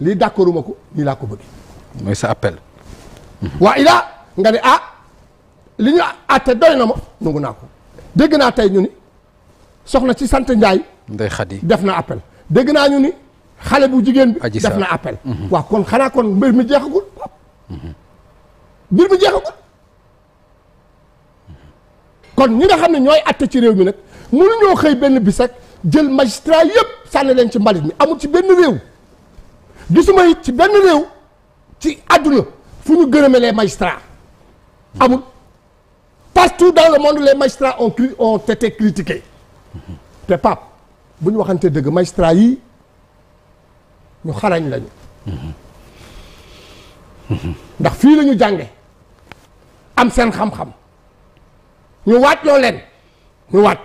lii d'accorduma ko nii laa ko bëggee. mooy sa appel. waa ilaa nga ni ah li ñu àtte doy na ma nangu naa ko dégg naa tey ñu ni soxna ci sant Njaay Ndey Xadi def na appel dégg naa ñu ni xale bu jigéen bi def na appel mhm. waaw kon xanaa kon mbir mi jeexagul pap mhm. mbir mi jeexagul kon ñi nga xam ne ñooy àtte ci réew mi nag mënuñoo xëy benn bis jël magistrat yëpp sànni leen ci mbalit mi amul ci benn réew gisuma it ci benn réew ci àdduna fu ñu gërëmee les magistrats amul partout dans le monde les magistrats ont ont été te Pape bu ñu waxante dëgg magistrats yi ñu xarañ lañu ndax fii lañu ñu jànge am seen xam-xam ñu waat loo leen ñu waat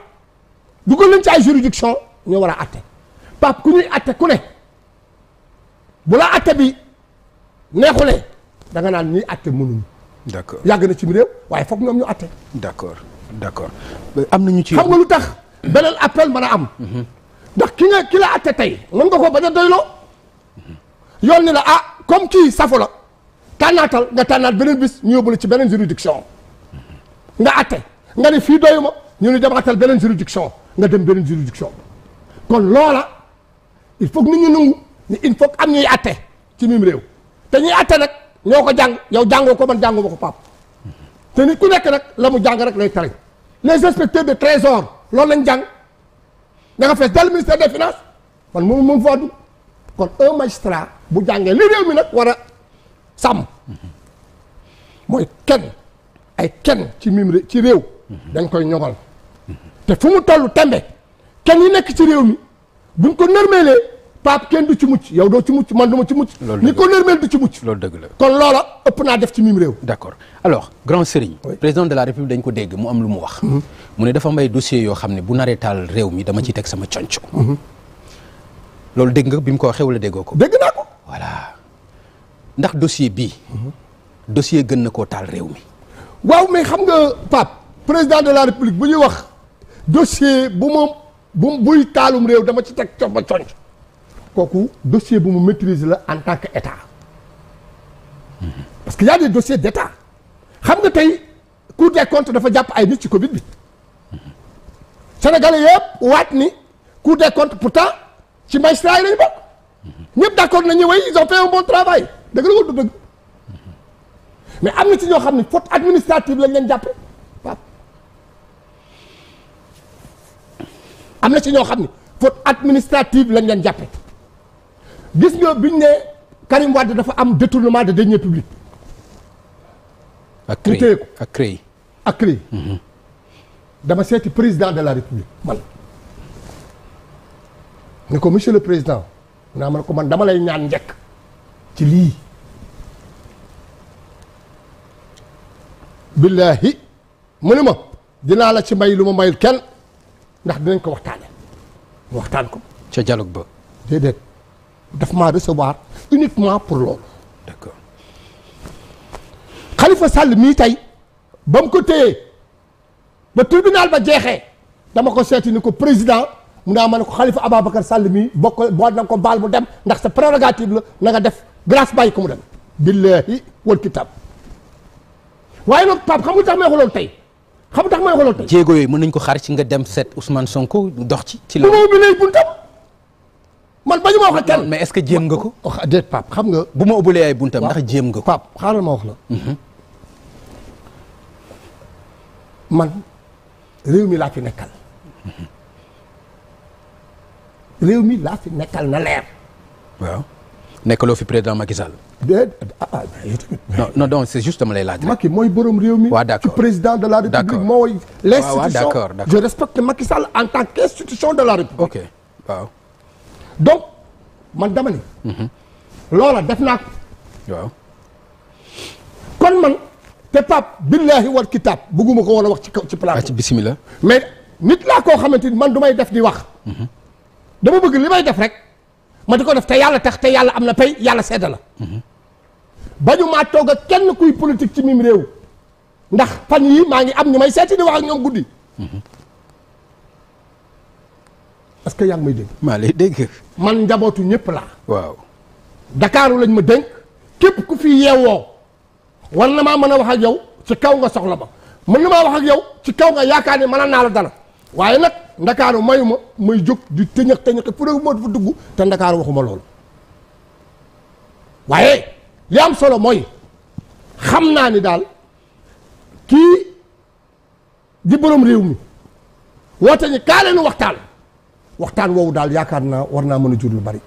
dugal nañ ci ay juridiction ñoo war a atte Pape ku ñuy atte ku ne bu la atte bi neexulee danga naan ni atte mënuñu. d' accord yàgg na ci réew waaye foog ñoom ñu atte. d' accord accord am na ñu ci. xam nga lu tax beneen appel mën a am. Mhm. ndax ki nga ki la tey mën nga ko bañ a doyloo. yoon ni la ah comme kii safu tànnaatal nga tànnaat beneen bis ñu yóbbu la ci beneen juridiction nga atte nga ne fii doyuma ñu ni demaatal beneen juridiction. nga dem beneen juridiction kon loola il foog que nit ñu nangu ni il faut que am ñuy atte ci mim réew te ñuy atte nag ñoo ko jàng yow jàngoo ko man jànguma ko pap te nit ku nekk nag la mu jàng rek lay tari les inspecteurs de trésor loolu lañ jàng da nga fees dal ministère des finances man moom moom foo dugg kon un magistrat bu jàngee li réew mi nag war a sàmm mooy kenn ay kenn ci mim ci réew dañ koy ñogal te fu mu toll tembe kenn yi nekk ci réew mi buñ ko nërmeelee paap kenn du ci mucc yow doo ci mucc man du ma ci mucc. ni ko nërmeel du ci mucc. loolu dëgg la kon loola ëpp naa def ci mim réew. d' accord alors grand Serigne. Oui. la république dañ ko dégg mu am lu mu wax. Mhm. mu ne dafa mbay ay yoo xam ne bu naree taal réew mi dama ciy teg sama conco. Mhm. loolu dégg nga bi mu ko waxee wala déggoo ko. dégg naa ko. voilà ndax dossier bii. Mhm. dossier gën na koo taal réew mi. waaw mais xam nga Pape président de la république bu ñuy wax. dossier bu ma bu buy taalum réew dama ci teg coba conc kooku dossier bu mu maîtrise la en tant que état parce que y a des dossiers xam nga tey cour des comptes dafa jàpp ay nit ci Covid bi sénégalais yëpp waat ni cour des pour pourtant ci magistrat yi lañu bokk ñëpp d' accord nañu way ils ont fait bon travail dëgg la wala dëgg mais am na ci ñoo xam ne faute administrative lañ leen jàppe am na ci ñoo xam ne faute administrative lañ leen jàppe gis nga biñ ne Karim Wade dafa am détournement de deniers publics. ak CREI ak CREI ak CREI mhm. dama seeti président de la république man. ne ko monsieur le président naa ma ne ko man dama lay ñaan njekk ci lii. billaahi mu ne ma dinaa la ci may lu ma mayul kenn. ndax dinañ ko waxtaane waxtaan ko. ca dialogue ba. déedéet daf maa recevoir uniquement pour loolu. d'accord Khalifa Sall mii tey ba mu ko téyee ba tribunal ba jeexee dama ko seeti ni ko président mu naa ma ne ko Khalifa Ababacar Sall mii bokk boo na ko baal bu dem ndax sa prérogative la na nga def grâce bàyyi ko mu dem. billahi wal kitab waaye nag Pape xam nga tax ma waxuloon tey. xam tax ma ne jéego yooyu mën nañ ko xaar ci nga dem seet Ousmane Sonko dox ci. ci la bu ma ubbilee buntam man bañu wax ak kenn. mais est-ce que jéem nga ko. wax déet Pape xam nga. bu ma ubbilee ay buntam ndax jéem nga ko. Pape xaaral ma mhm. man réew mi laa fi nekkal. Mhm. réew mi laa fi nekkal na leer. waaw. nekkaloo fi président Macky Sall. déedéet ah, ah non non lay laaj. Macky mooy borom réew mi. waaw d'accord ci président de la république. mooy l'institution d'accord d'accord je respecte Macky Sall en tant qu'institution de la république. ok waaw. donc man dama ni. Mhm. loola def naa ko. waaw. kon man. te Pape billahi wal kitaab ko woon a wax ci kaw ci plateau. Ah, ci bismillah mais nit laa koo xamante ni man du def di wax. Mhm. dama bëgg li may def rek. ma di ko def te yàlla tax te yàlla am na pay yàlla sedda la ba ñu maa toog ak kenn kuy politique ci miim réew ndax fan yi maa ngi am ñu may seeti di wax ak ñoom guddi parce que yaa ngi may dégg maa man njabootu ñëpp laa waaw dakaaru lañ ma dénk képp ku fi yeewoo war na maa mën a wax ak yow ci kaw nga soxla ma mën na maa wax ak yow ci kaw nga yaakaar ne mën naa la dara waaye nag ndakaaru mayu ma may jóg di tëñëx tëñëxi fu ne dugg te ndakaaru waxuma loolu waaye li am solo mooy xam naa ni daal kii di boroom réew mi woote ñi kaa leen waxtaan waxtaan woowu daal yaakaar naa war naa mën a jur lu bari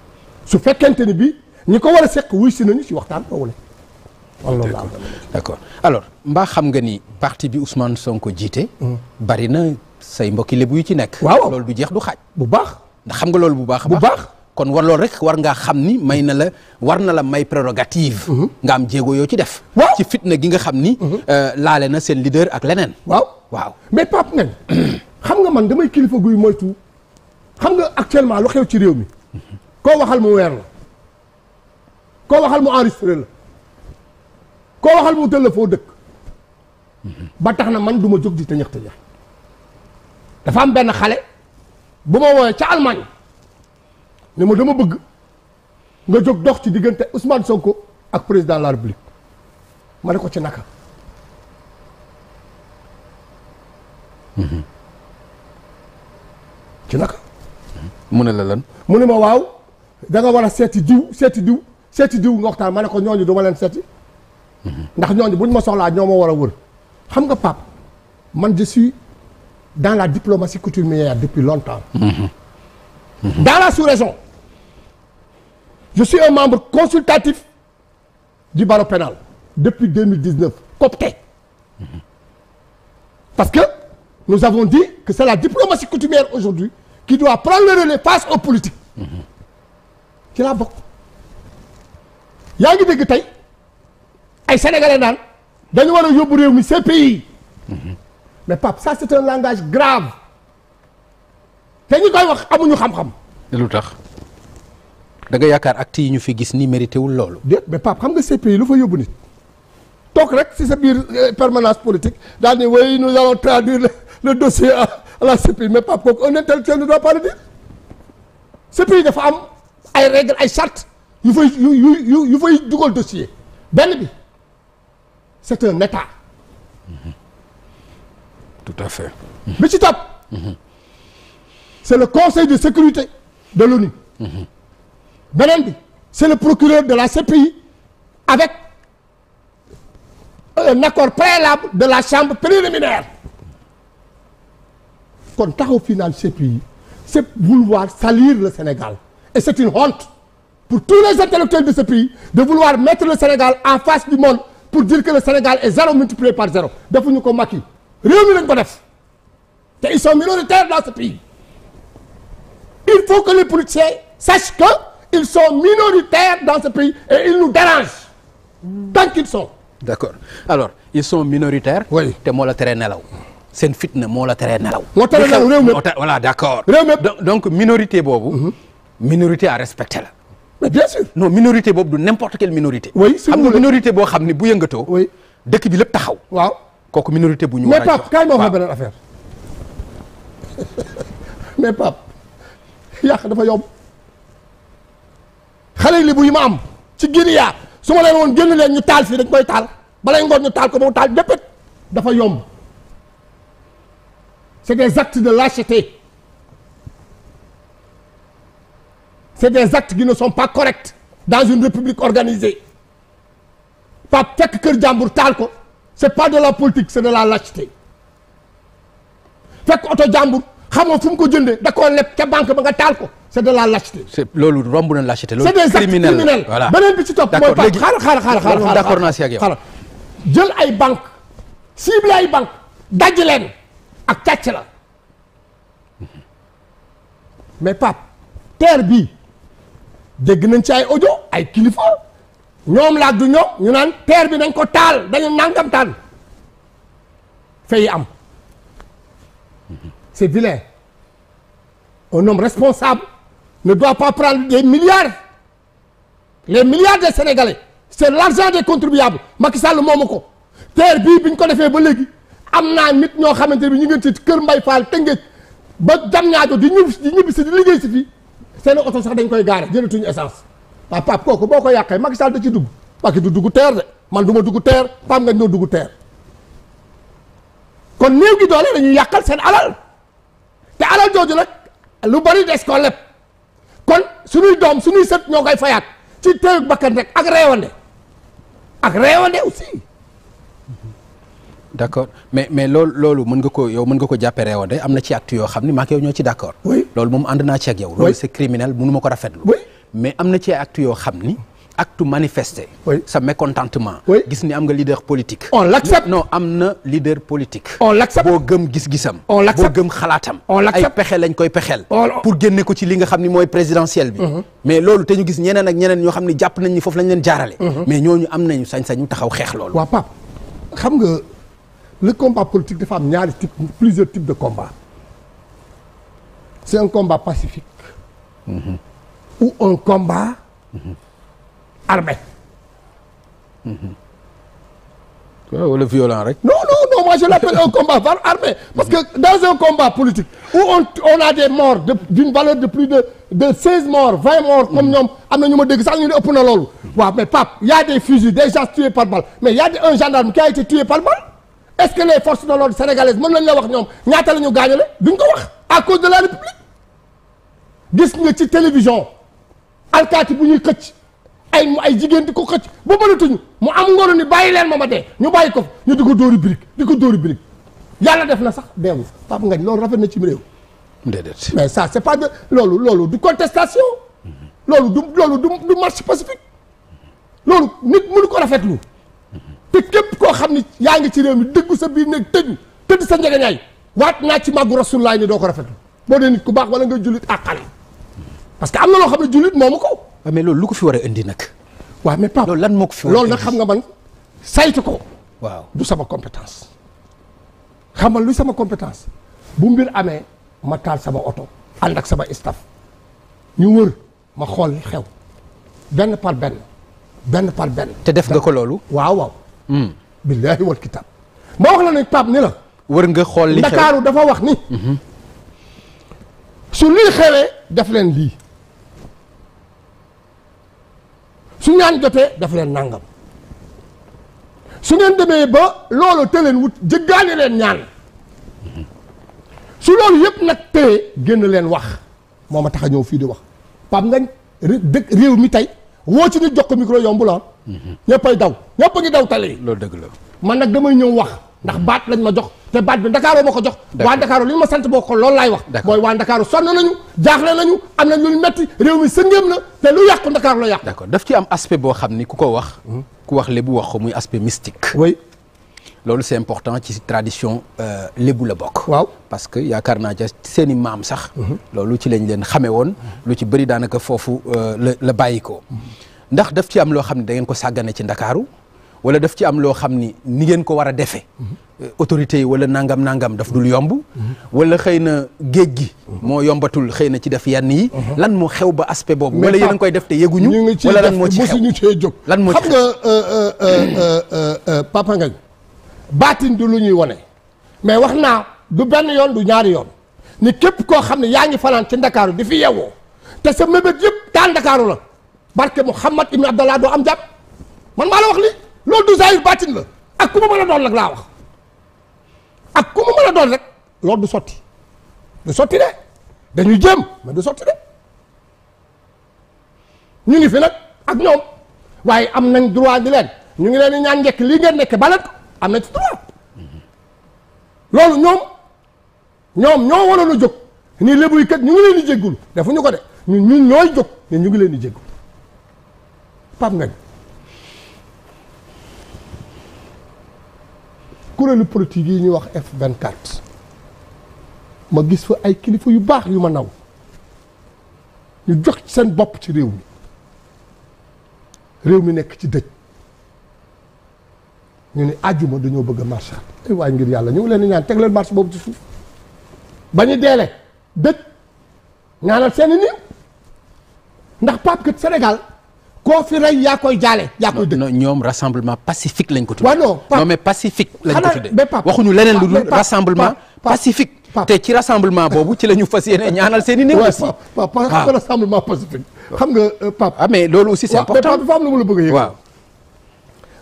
su fekkente ni bi ñi ko war a seq wuy si nañu si waxtaan woowu la loolu alors mbaa xam nga ni parti bi Ousmane Sonko jiite hmm. bari na say mbokki lébu yu ci nekk. waaw loolu du jeex du xaaj. bu baax ndax xam nga loolu bu baax. bu baax kon war loolu rek war ngaa xam ni may na la war na la may prérogative. Mhm. nga am jéego yoo ci def. waaw ci fitna gi nga xam ni. Mhm. Euh, laale na seen leader ak leneen. waaw waaw mais <clears throat> xam nga man damay kilifa guy moytu xam nga actuellement lu ci réew mi koo waxal mu weer la koo waxal mu enregistré waxal mu tëll la dëkk mhm. ba tax na man du ma jóg di te tëñëx dafa am benn xale bu ma woowee ca Allemagne ne ma dama bëgg nga jóg dox ci diggante Ousmane Sonko ak président de la République ma ne ko ci naka. Mhm. ci naka. mu ne la lan. mu ne ma waaw da war a seeti diw seeti diw seeti diw nga waxtaan ma ne ko ñooñu du ma leen seeti. Mhm. ndax ñooñu buñ ma soxlaa ñoo ma war a wër. xam nga pap man je dans la diplomatie coutumière depuis longtemps. Mmh. Mmh. Dans la sous-région. Je suis un membre consultatif du barreau pénal depuis 2019, coopté. Mmh. Parce que nous avons dit que c'est la diplomatie coutumière aujourd'hui qui doit prendre le relais face aux politiques. Mhm. ci laa bokk. yaa ngi dégg tey ay sénégalais daal dañu war a yóbbu réew mi CPI. mais Pape ça c'est un langage grave te ñi koy wax amuñu xam-xam. lu tax da nga yaakaar yi ñu fi gis ni mérité wul loolu. déet mais Pape xam nga CPI lu fa yóbbu nit toog rek si sa biir euh, permanence politique daal ni oui nous allons traduire le, le dossier à, à la CPI mais Pape kooku un intellectuel ne doit pas le dire CPI dafa am ay règles ay chartes yu fay yu yu yu fay dugal dossier benn bi c'est un état. Mm-hmm. bi ci topp. c'est le conseil de sécurité de l'ONU beneen bi c'est le procureur de la CPI avec un accord préalable de la chambre préliminaire kon taxaw final CPI c'est vouloir salir le Sénégal et c'est une honte pour tous les intellectuels de ce pays de vouloir mettre le Sénégal en face du monde pour dire que le Sénégal est zéro multiplié par zéro ñu ko Macky réew mi lañ ko def te ils sont minoritaires dans ce pays il faut que les politiciens sachent que ils sont minoritaires dans ce pays et ils nous dérangent tant qu'ils sont. d'accord alors ils sont minoritaires. oui te moo la teree nelaw. seen fitna moo la teree nelaw. moo teree nelaw réew mi voilà d'accord. réew mi donc minorité boobu. Mhm. minorité a respecter la. mais bien sûr. non minorité boobu du n'importe quelle minorité. oui xam nga minorité boo xam ne bu yëngatoo. dëkk bi lépp taxaw. kooku minorité bu ñu. war a jox mais Pape kaay ma wax beneen affaire <laughs> mais Pape yàq dafa yomb xale yi li bu ma am ci Guinée su ma leen woon génn leen ñu taal fii dañ koy taal balay ngoon ñu taal ko ba dafa yomb c'est des actes de lâcheté c'est des actes qui ne sont pas corrects dans une république organisée Pape fekk kër jàmbur taal ko. c'est pas de la politique c'est de la lâcheté fekk oto jàmbur xamoo fu mu ko jëndee da koo leb ca banque ba nga taal ko c'est de la lâcheté. c'est loolu romb na lâcheté. loolu criminel c'est des actes beneen bi ci topp mooy pas xaaral xaaral xaaral xaaral d'accord naa si jël ay banque cible ay banque daj leen ak càcc la mais Pape terre bi dégg nañ ci ay audio ay kilifa. ñoom laa du ñoom ñu naan terre bi nañ ko taal dañu nangam taal fayi am c'est vilain un homme responsable ne doit pas prendre des milliards les milliards des Sénégalais c'est l'argent des contribuables Macky sàll moom ko terre bii bi ñu ko defee ba léegi am naa nit ñoo xamante bi ñu ngi ci kër Mbay Fall Tëngéej ba jam ñaajo di ñibbi di ñibbi si di liggéey si fii seen oto sax dañ koy gaare jëlatuñu essence waaw ah, Pape kooku boo ko yàqee mag Sall da ci dugg Macky du dugg teer de man du ma dugg teer Pape nga ñoo dugg teer kon néew gi doole dañuy yàqal seen alal te alal jooju nag lu bari des ko leb kon suñuy doom suñuy set ñoo koy fayaat ci teewu bakkan rek ak reewande ak reewande aussi d' accord mais mais loolu loolu mën nga ko yow mën nga ko jàppee reewande am na ci acte yoo xam ni maa ak yow ñoo ci d' loolu moom ànd naa ci ak yow loolu c' est criminel mënu ma ko rafetlu mais am na ci acte yoo xam ni acte manifesté sa mécontentement gis ni am nga leader politique on l'accepte non am na leader politique on l'accepte boo gëm gis-gisam on l'accepte boo gëm xalaatam on ay pexe lañ koy pexeel pour génne ko ci li nga xam ni mooy présidentiel bi mhm. mais loolu te ñu gis ñeneen ak ñeneen ñoo xam ni jàpp nañ ni foofu lañ leen jaarale mhm. mais ñooñu am nañu sañ ñu taxaw xeex loolu waaw Pape xam nga le combat politique dafa am ñaari type plusieurs types de combat ou un combat armé. waaw wala violent rek. non non parce que dans un combat politique où on on a des morts de d'une valeur de plus de de seize morts vingt morts comme ñoom am na ñu ma dégg sax ñu ne ëpp na loolu. waa mais Pape yaa a des fusils des gens tués mais yaa a un gendarme qui a été tué par balle est-ce que les forces de l'ordre sénégalaises mën nañ la wax ñoom ñaata la ñu gaañale duñ ko wax à cause de la république gis nga ci télévision. alkaati bu ñuy xëcc ay ay jigéen di ko xëcc ba mënatuñu mu am ngoonu ni bàyyi leen ma ma dee ñu bàyyi ko ñu di ko dóori birig di ko dóori birig yàlla def na sax deewu Pape Ngagne loolu rafet na ci réew. déedéet mais ça c'est pas de loolu loolu du contestation. loolu du loolu du du marche pacifique. loolu nit mënu ko rafet rafetlu. te képp koo xam ni yaa ngi ci réew mi dëggu sa biir nekk tëj tëdd sa njëgëñaay waat naa ci màggu rasulullah ni doo ko rafetlu boo dee nit ku baax wala nga jullit àqal parce que am na loo xam ne jullit moomu ko. waaw loolu lu ko fi war a indi nag. waaw mais Pape loolu lan moo ko fi war a indi loolu nag xam nga man saytu ko. waaw du sama compétence. xam nga luy sama compétence bu mbir amee ma taal sama oto ànd ak sama staff ñu xool li xew benn par benn benn par benn. te def nga ko loolu. waaw waaw. Hmm. billaahi wal kitaab ma wax la ne Pape ni la. nga xool li xew Ndakaaru dafa wax ni. Mhm. su lii xewee def leen lii. su ñaan jotee daf leen nangam su ngeen demee ba loolu te leen wut jëggaane leen ñaan su loolu yëpp nag téye génn leen wax moo ma tax a ñëw fii di wax Pape nga dëkk réew mi tey woo ci nit jox ko micro yomb la ah. mm-hmm. ñëppay daw ñëpp a ngi daw tali. loolu dëgg la man nag damay ñëw wax. ndax baat lañ ma jox te baat bi ndakaaroo ma ko jox waa ndakaaru li ñu ma sant boo ko loolu laay wax mooy waa ndakaaru sonn nañu jaaxle nañu am na lu metti réew mi sëngéem na te lu yàqu ndakaaru la yàqu d'accord daf ci am aspect boo xam ni ku ko wax hmm? ku wax lébu wax ko muy aspect mystique oui loolu c'est important ci tradition euh, lébu la bokk waaw parce que yaakaar naa ca seen maam sax hmm. loolu ci lañ leen xame woon hmm. lu ci bëri daanaka foofu euh, la la bàyyi ko ndax daf ci am loo xam ne da ngeen ko sàggane ci ndakaaru wala def ci am loo xam ni ni ngeen ko war a defee mhm. autorité yi wala nangam nangam daf dul yomb mhm. wala xëy na géej gi mhm. moo yombatul xëy na ci def yenn yi lan moo xew ba aspect boobu wala yéen a ngi koy def te yëguñu wala lan moo ci xew mosuñu cee jóg lan moo ci xew xam nga euh, euh, euh, Papa Ngagne baatin du lu ñuy wone mais wax naa du benn yoon du ñaari yoon ni képp koo xam ne yaa ngi fanaan ci ndakaaru di fi yeewoo te sa mébét yëpp taan ndakaaru la barke Mouhamad Ibn Abdallah doo am jàpp man maa la wax lii loolu du zaahir baatin la ak ku ma mën doon nag laa wax ak ku ma mën a doon rek loolu du sotti du sotti de dañuy jéem mais du sotti de ñu ngi fi nag ak ñoom waaye am nañ droit di leen ñu ngi leen di ñaan njëkk lii ngeen nekk balet ko am na ci droit loolu ñoom ñoom ñoo waroon a jóg nii lébuy kat ñu ngi leen di jéggul defuñu ko de ñu ñun ñooy jóg ne ñu ngi leen di jéggul Pape Ngagne kuréelu politique yi ñuy wax F24 ma gis fa ay kilifa yu baax yu ma naw ñu jox seen bopp ci réew mi réew mi nekk ci dëj ñu ne àjjuma dañoo bëgg a marché ay waay ngir yàlla ñu leen di ñaan teg leen marché boobu ci suuf ba ñu deele dëj ñaanal seeni niiw ndax paap kët Sénégal koo fi rey yaa koy jaale yaa koy dëgg. non ñoom rassemblement pacifique lañ ko tuddee. waaw non non mais pacifique. lañ ko tuddee waxuñu te ci rassemblement boobu ci la ñu fas yéene ñaanal seen i néew. waaw waaw parce que ah. rassemblement pacifique. xam nga euh, Pape. ah mais loolu aussi c'est important a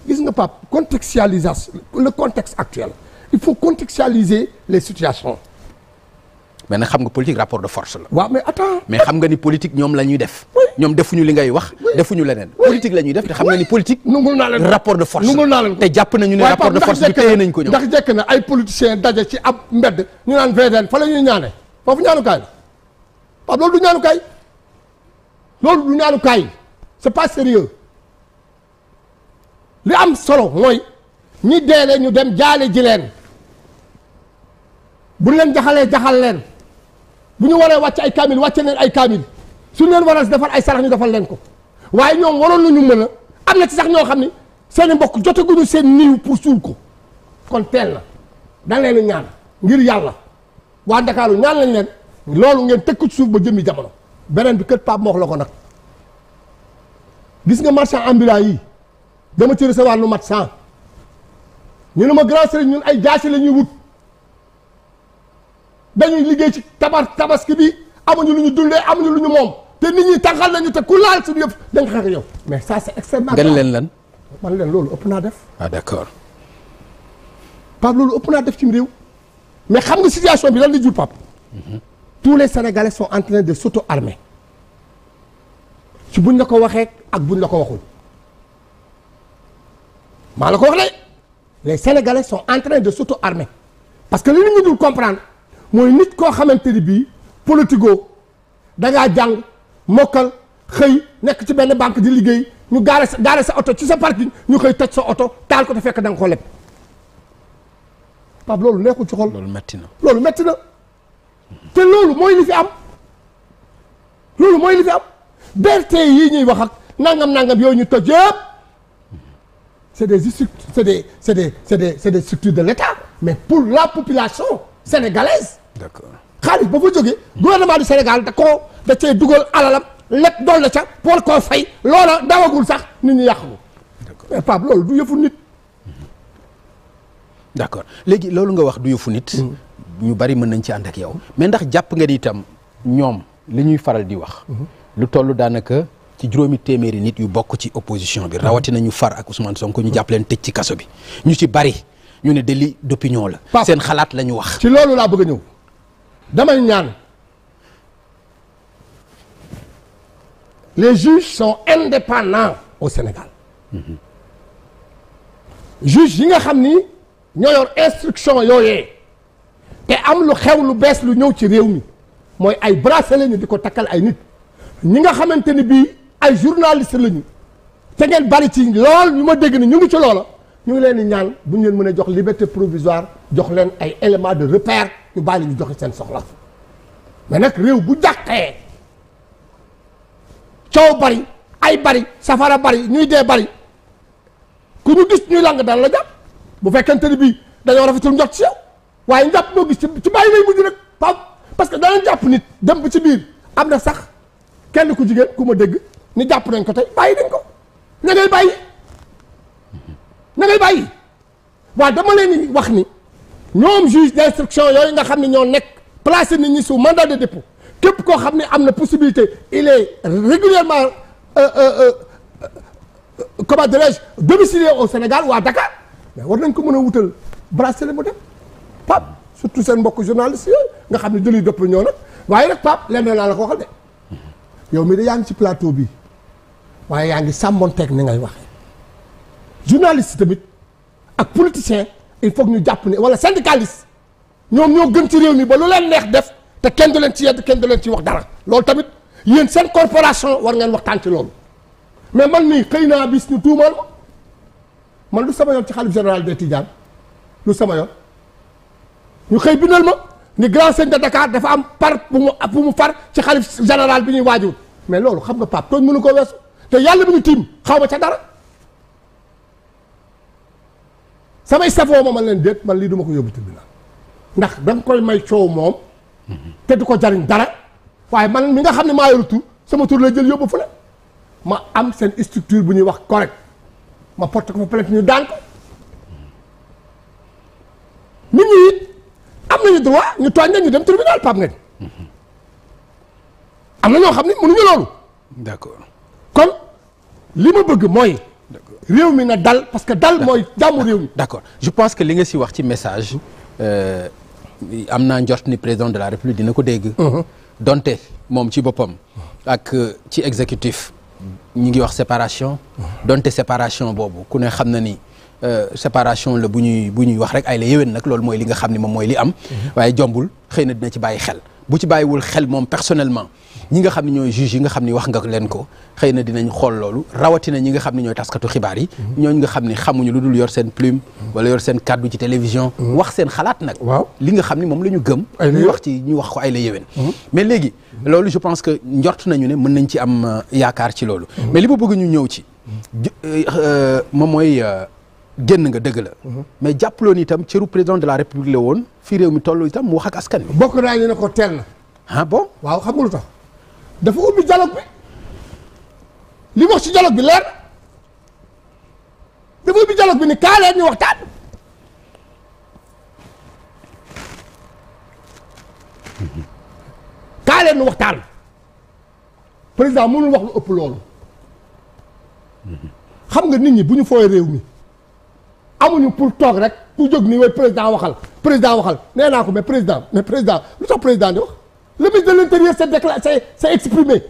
gis nga Pape contextualisation le contexte actuel il faut contextualiser les situations. mais nag xam nga politique rapport de force la. waaw mais attends mais xam nga ni politique ñoom la def. ñoom defuñu li ngay wax. defuñu leneen politique la ñuy def te xam nga ni politique. nungul naa leen rapport de force te jàpp nañu ne rapport de force bi téye nañ ko ñoom. ndax jekk na ay politiciens daje ci ab mbedd ñu naan VDN fa la ñuy ñaane foofu ñaanukaay la Pape loolu du ñaanukaay loolu du ñaanukaay c'est pas sérieux li am solo mooy ñi deele ñu dem jaale ji bu leen jaxalee jaxal leen. bu ñu waree wàcce ay kaamil wàcce leen ay kaamil su neen war a defal ay sarax ñu defal leen ko waaye ñoom waroon nañu mën a am na ci sax ñoo xam ne seen mbokk jotaguñu seen niiw pour suul ko kon teel na dañ leen ñaan ngir yàlla waa Ndakaaru ñaan lañ leen loolu ngeen teg ko ci suuf ba jëmmi jamono beneen bi kët Pape moo wax la ko nag gis nga marchand ambulant yi dama ci recevoir lu mat cent ñu ne ma grand sëriñ ñun ay jaasi la ñuy wut dañuy liggéey ci tabar tabaski bi amuñu lu ñu dundee amuñu lu ñu moom te nit ñi tànqal nañu te ku laal suñu yëf dañ xeex yow mais ça c'est extrêmement gën leen lan man leen loolu ëpp naa def ah d'accord loolu ëpp naa def ci réew mais xam nga situation bi lan la jur Pape mhm. tous les Sénégalais sont en de s'auto-armer ci buñ la ko waxee ak buñ la ko waxul maa la ko wax de les Sénégalais sont de s'auto-armer parce que li nit ñi dul comprendre mooy nit koo xamante ni bii politico da ngaa jàng mokkal xëy nekk ci benn banque di liggéey ñu gaare sa gaare sa oto ci sa parking ñu xëy toj sa oto taal ko te fekk da nga ko leb Pape loolu neexul ci xol. loolu metti na loolu metti na te loolu mooy li fi am loolu mooy li fi am BRT yii ñuy wax ak nangam nangam yooyu ñu toj yëpp c'est des structures c'est des c'est des c'est des c'est des de l'État mais pour la population sénégalaise d'accord xaalis ba fa jógee gouvernement du Sénégal da koo da cee dugal alalam lépp dool sax ca pour koo fay loola dawagul sax nit ñi yàq ko mais Pape loolu du yëfu nit mm-hmm. léegi loolu nga wax du nit mm-hmm. ñu bari mën nañ ci ànd ak yow mais ndax jàpp nga di itam ñoom li ñuy faral di wax mm-hmm. lu toll daanaka ci juróomi téeméeri nit yu bokk ci opposition bi rawatina ñu far ak Ousmane Sonko ñu jàpp leen tëj ci kaso bi ñu ci bari ñu ne délit d'opinion la seen xalaat la ñu wax ci loolu laa bëgg a ñëw damay ñaan les juges son indépendant au Sénégal juge yi nga xam ni ñoo yor instruction yooyee te am lu xew lu bees lu ñëw ci réew mi mooy ay bracelet lañu di ko takkal ay nit ñi nga xamante ni bii ay journaliste lañu te ngeen bari ci lool ñu ma dégg ni ñu ngi ci loola ñu ngi leen di ñaan bu ñu leen mën a jox liberté provisoire jox leen ay éléments de repère ñu bàyyi ñu joxe seen soxla mais nag réew bu jàqee coow bari ay bari safara bari ñuy dee bari ku ñu gis ñuy lang daan la jàpp bu fekkente ni bii dañoo rafetul njot ci yow waaye jàpp moo gis ci ci bàyyi lay mujj nag pam parce que danañ jàpp nit dem ba ci biir am na sax kenn ku jigéen ku ma dégg ni jàpp nañ ko tey bàyyi dañ ko ña ngay bàyyi na ngay bàyyi waaw dama leen wax ni ñoom juge d'instruction yooyu nga xam ne ñoo nekk placé nit ñu sous mandat de dépôt képp koo xam ne am na possibilité il est régulièrement euh, euh, euh, euh comment dirais-je au Sénégal waa Dakar mais war nañ ko mën a wutal bracelet mu dem Pape surtout seen mbokk journaliste yooyu nga xam ne dëpp d'opinion nag waaye nag Pape lenn naa la ko waxal de yow mi da yaa ngi ci plateau bi waaye yaa ngi teg ni ngay wax journaliste tamit ak politicien il faut ñu jàpp ni wala syndicaliste ñoom ñoo gën ci réew mi ba lu leen neex def te kenn du leen ci yedd kenn du leen ci wax dara loolu tamit yéen seen corporation war ngeen waxtaan ci loolu mais man mii xëy naa bis ñu tuumal ma man lu sama yoon ci xalif général des Tidianes lu sama yoon ñu xëy bindal ma ni grand seigneur de Dakar dafa am par bu mu bu mu far ci xalif général bi ñuy waajur mais loolu xam nga Pape tooñ mënu ko te yàlla bi ñu tiim ma ca dara. samay safoo ma man leen déet man lii duma ko yóbbu tribunal ndax da nga koy may coow moom te du ko jariñ dara waaye man mi nga xam ne maa yor tur sama tur lay jël yóbbu fële ma am seen structure bu ñuy wax correct ma porte ko fa plainte ñu daan ko nit ñi it am nañu droit ñu tooñ ñu dem tribunal Pape Ngagne am na ñoo xam ne mënuñu loolu kon li ma bëgg mooy réew mi na dal parce que dal mooy jàmmu réew mi. d'accord je pense que li nga ci wax ci message euh, am naa njort ni président de la république dina ko dégg. Uh-huh. donte moom ci boppam ak euh, ci exécutif ñi ngi wax séparation uh-huh. donte séparation boobu ku ne xam na ni euh, séparation la bu ñuy bu ñuy wax rek ay la yéwén nag loolu mooy li nga xam ni moom mooy li am uh-huh. waaye jombul xëy na dina ci bàyyi xel bu ci bàyyiwul xel moom personnellement ñi nga xam ne ñooy juge yi nga xam ni wax nga leen ko xëy na dinañ xool loolu rawatina ñi nga xam ne ñooy taskatu xibaar yi mhm. ñooñ nga xam ni xamuñu lu dul yor seen plume mhm. wala yor seen kàddu ci télévision mhm. wax seen xalaat nag waaw li nga xam ne moom la ñu gëm ñu wax ci ñu wax ko ay la yéwén mais léegi loolu je pense que njort nañu ne mën nañ ci am euh, yaakaar ci loolu mais li ma bëgg ñu ñëw ci euh, euh, moom mooy génn nga dëgg la. mais jàppaloon itam cëru président de la république la woon fii réew mi toll itam mu wax ak askan wi. bokk naa ñu ko teel na. ah bon waaw xam nga lu tax. dafa ubbi dialogue bi li wax ci dialogue bi leer dafa ubbi dialogue bi ni kaa leen ñu waxtaan. kaa waxtaan. président mënul wax lu ëpp loolu. xam nga nit ñi bu ñu fooy réew mi. amuñu pour toog rek ku jóg ni way président waxal président waxal nee naa ko mais président mais président lu tax président di wax le ministre de l'intérieur s'est déclaré s'est exprimé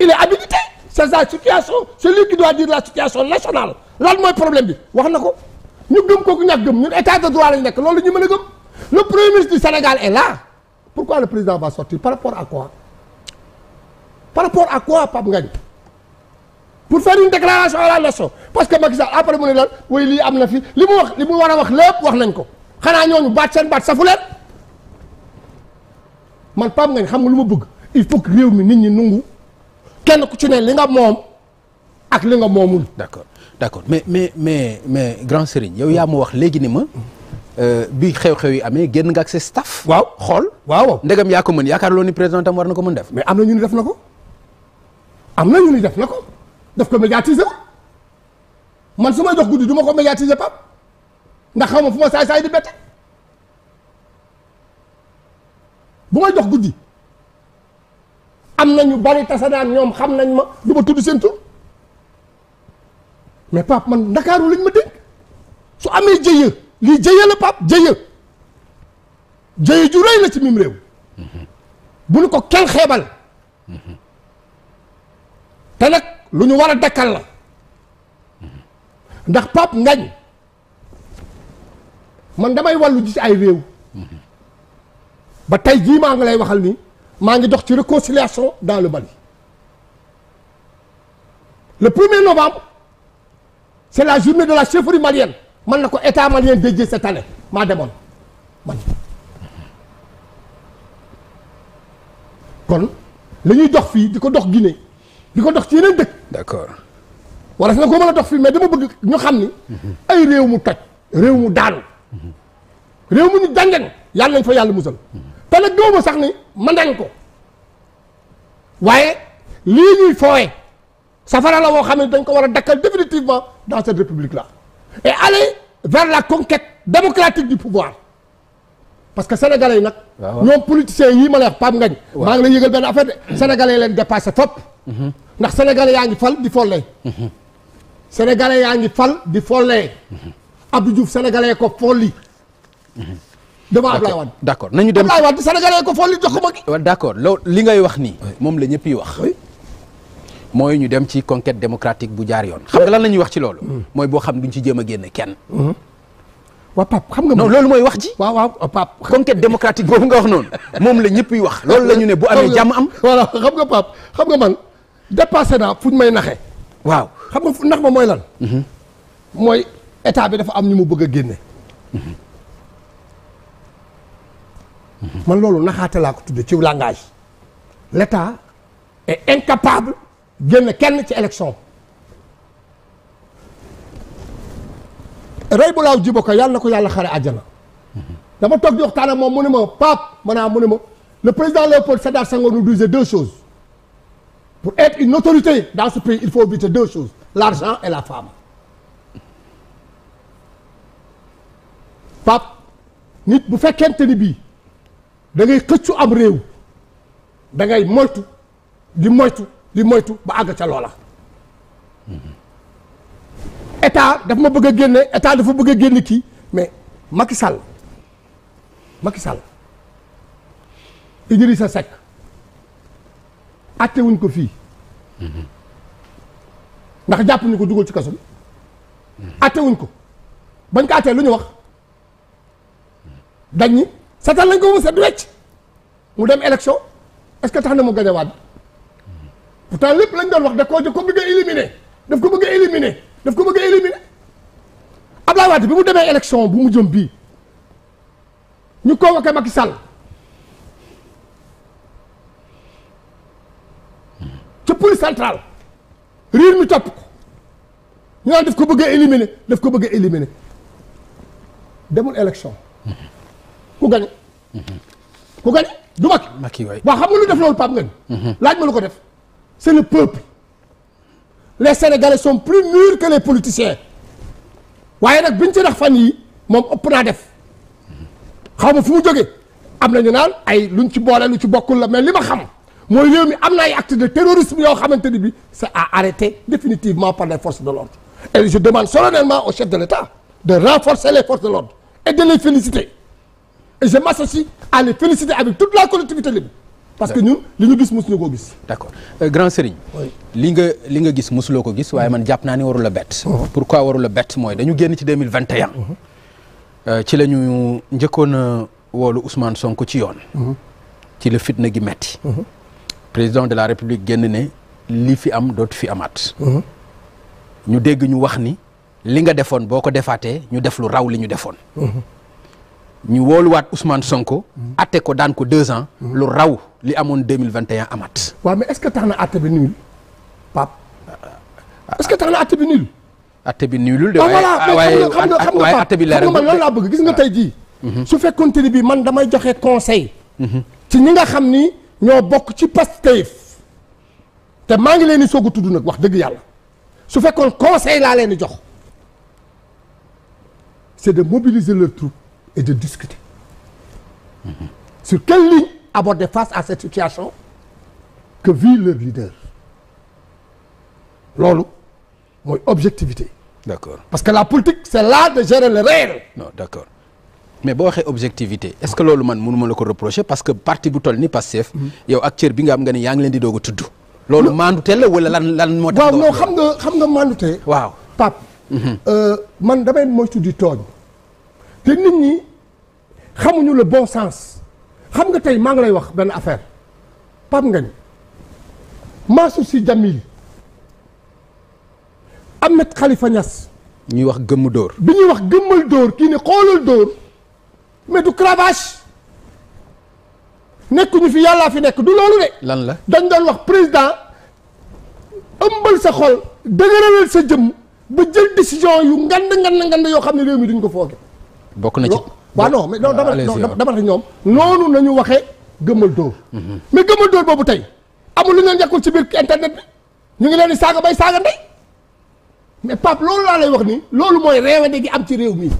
il est habilité c'est sa situation c'est lui qui doit la situation nationale lan mooy problème bi wax na ko ñu gëm kooku ñàkk gëm ñun état de droit lañ nekk loolu ñu mën a gëm le premier ministre du Sénégal est là pourquoi le président va sortir par rapport à quoi par rapport à quoi Pape Ngagne pour faire une déclaration à la nation parce que Macky Sall après mu ne daal way lii am na fi li mu wax li mu war a wax lépp wax nañ ko xanaa ñooñu baat seen baat safu leen man Pape Ngagne xam nga lu ma bëgg il faut que réew mi nit ñi nungu kenn ku ci ne li nga moom ak li nga moomul. d'accord d'accord mais mais mais mais grand Serigne yow yaa mu wax léegi ni ma euh, bi xew-xew yi amee génn nga ak staff. waaw xool waaw ndegam yaa ko mën yaakaar loo ni président tam war na ko mën def. mais am na ñu ni def na ko am na ñu ni def na def ko médiatiser man su may jox guddi du ma ko médiatiser pap ndax xam ma fu ma saay saay di bette bu may dox guddi am na ñu bari tasanaan ñoom xam nañ ma du ma tudd seen tur mais pap man ndakaaru lañ ma dénk su amee jëye lii jëye la pap jëye jëye ju rëy ci mim réew mhm. bu ñu ko kenn xeebal mhm. te nag lu ñu war a dakkal la ndax Pape Ngagne man damay wàllu ji ci ay réew ba tey jii maa ngi lay waxal ni maa ngi dox ci réconciliation dans le bari le premier novembre c'est la journée de la chefferie malienne man na ko état malien dédié sa année maa demoon man kon li dox fii di ko dox gine di ko dox ci yeneen dëkk. d'accord wala si na ko mën a dox fii mais dama bëgg ñu xam ni. ay réew mu toj. réew mu daanu. réew mu ñu jàngeen yàlla nañ fa yàlla musal. te nag dooma sax ni mën nañ ko waaye lii ñuy fooye safara la woo xam ne dañ ko war a dakkal définitivement dans cette république là et aller la conquête démocratique du pouvoir parce que sénégalais yi nag. Ah ñoom politiciens yii ma lay wax Pape Ngagne. maa ngi lay yëgal benn affaire de sénégalais yi leen dépassé fop ndax sénégalais yaa ngi fal di follee sénégalais yaa ngi fal di follee Abdou Diouf sénégalais ko folli devant Ablaye Wade d'accord nañu dem Ablaye Wade sénégalais ko folli jox ko ma d'accord loolu li ngay wax nii moom la ñëpp yi wax mooy ñu dem ci conquête démocratique bu jaar yoon xam lan la ñuy wax ci loolu mm. mooy boo xam duñ ci jéem a génn kenn mm-hmm. waa Pape xam nga non loolu mooy wax ji waaw waaw Pape conquête démocratique nga wax noonu moom la ñëpp yi wax <laughs> loolu la ñu ne bu amee jàmm am voilà xam nga Pape xam nga man dépassé naa fu may naxe waaw xam nga fu nax ma mooy lan. Mhm. mooy état bi dafa am ñu mu bëgg a génne. Mhm. Mhm. man loolu naxaate laa ko tudde ci langage. l' état est incapable génne kenn ci élection. rey bu laaw jibo ko yàlla ko yàlla xare àjjana. dama toog di waxtaan ak moom mu ne ma Pape maanaam mu ne ma le président Léopold Sédar Senghor nous disait deux choses. pour être une autorité dans ce pays il faut éviter deux choses l'argent et la femme pap nit bu fekkente ni bii dangay xëccu am réew da ngay moytu di moytu di moytu ba àgg ca loola état dafa ma bëgg a génne état dafa bëgg a génn kii mais Macky Sall Macky Sall Idrissa Seck atte wuñ ko fii ndax jàpp ni ko dugal ci kaso bi atte wuñ ko bañ ko attee lu ñu wax dañ ni setal lañ ko mu set wecc mu dem élection est que tax na mu gañ a waat pourtant lépp lañ doon wax da koo da ko bëgg a def ko bëgg a éliminer ko bëgg a éliminer Abdoulaye Wade bi mu demee élection bu mu jëm bii ñu convoqué Macky Sall ca police centrale riir mi topp ko ñu naan daf ko bëgg a éliminer daf ko bëgg a éliminer demul élection ku gañe ku gañe du Macky Macky waay waaw xam nga lu def loolu nga Ngagne laaj ma lu ko def c'est le peuple les sénégalais sont plus mûrs que les politiciens waaye nag biñ ci rax fan yi moom ëpp naa def xaw ma fu mu jóge am na ñu naan ay luñ ci boole lu ci bokkul la mais li ma xam mooy réew mi am na ay actes de terrorisme yoo xamante ni bi c'est à arrêter définitivement par les forces de l'ordre et je demande solennellement au chef de l'État de renforcer les forces de l'ordre et de les féliciter et je m'associe à les avec toute la collectivité libre parce que ñun li ñu gis mosuñu koo gis d'accord euh, grand Serigne li nga li nga gis mosuloo ko gis waaye man jàpp naa ni warul a bett uh-huh. pourquoi warul a bett mooy dañu génn ci 2021 uh-huh. euh, ci la ñu njëkkoon woolu Ousmane Sonko ci yoon uh-huh. ci la fitna gi metti président de la république génn ne li fi am dootu fi amaat. Mhm. ñu dégg ñu wax ni li nga defoon boo ko defaatee ñu def lu raw li ñu defoon. Mhm. ñu wooluwaat Ousmane Sonko. Mhm. atte ko daan ko deux lu raw li amoon deux mille vingt et un amaat. waaw est-ce que tax na atte bi nul Pape. est que tax na atte bi nul. atte bi nulul de. Ah, ah, waaye xam nga xam nga atte bi leer man lan laa bëgg gis nga ah. tey jii. su fekkoonte ni bii man damay joxe conseil. ci ñi nga xam ni. ñoo bokk ci Pastef te maa ngi leen di soog a tudd nag wax dëgg yàlla su fekkoon conseil laa leen di jox c'est de mobiliser leurs troupes et de discuter su mm-hmm. sur quelle ligne aborder face à cette situation que vit leur leader loolu mooy objectivité d'accord parce que la politique c'est l'art de gérer le réel non mais boo waxee objectivité est-ce que loolu man mënu ma la ko reprocher parce que parti bu toll ni Pastef yow ak cër bi nga am nga ni yaa ngi leen di doog a tudd loolu maandute la wala lan lan moo tax waaw non xam nga xam nga maandute waaw Pape mhm. euh, man damay moytu di tooñ te nit ñi xamuñu la bon sens xam nga tey maa ngi lay wax benn affaire Pape Ngagne Mansour Sy Djamil Ahmed Khalifa Niass ñuy wax gëmm dóor bi ñuy wax gëmmal dóor kii ne xoolal dóor mais du cravage nekkuñu fi yàllaa fi nekk du loolu de. lan la dañ doon wax président ëmbal sa xol dëgëralal sa jëmm ba jël décision yu ngand ngand ngand yoo xam ne réew mi duñ ko fooge. bokk na ci waaw non mais non dama dama tax ñoom. noonu nañu waxee gëmal dóor. Mhm. mais gëmal dóor boobu tey amul lu ñu nekkul ci biir internet ñu ngi leen di saaga bay saaga ndey mais pap loolu laa lay wax ni loolu mooy de gi am ci réew mi.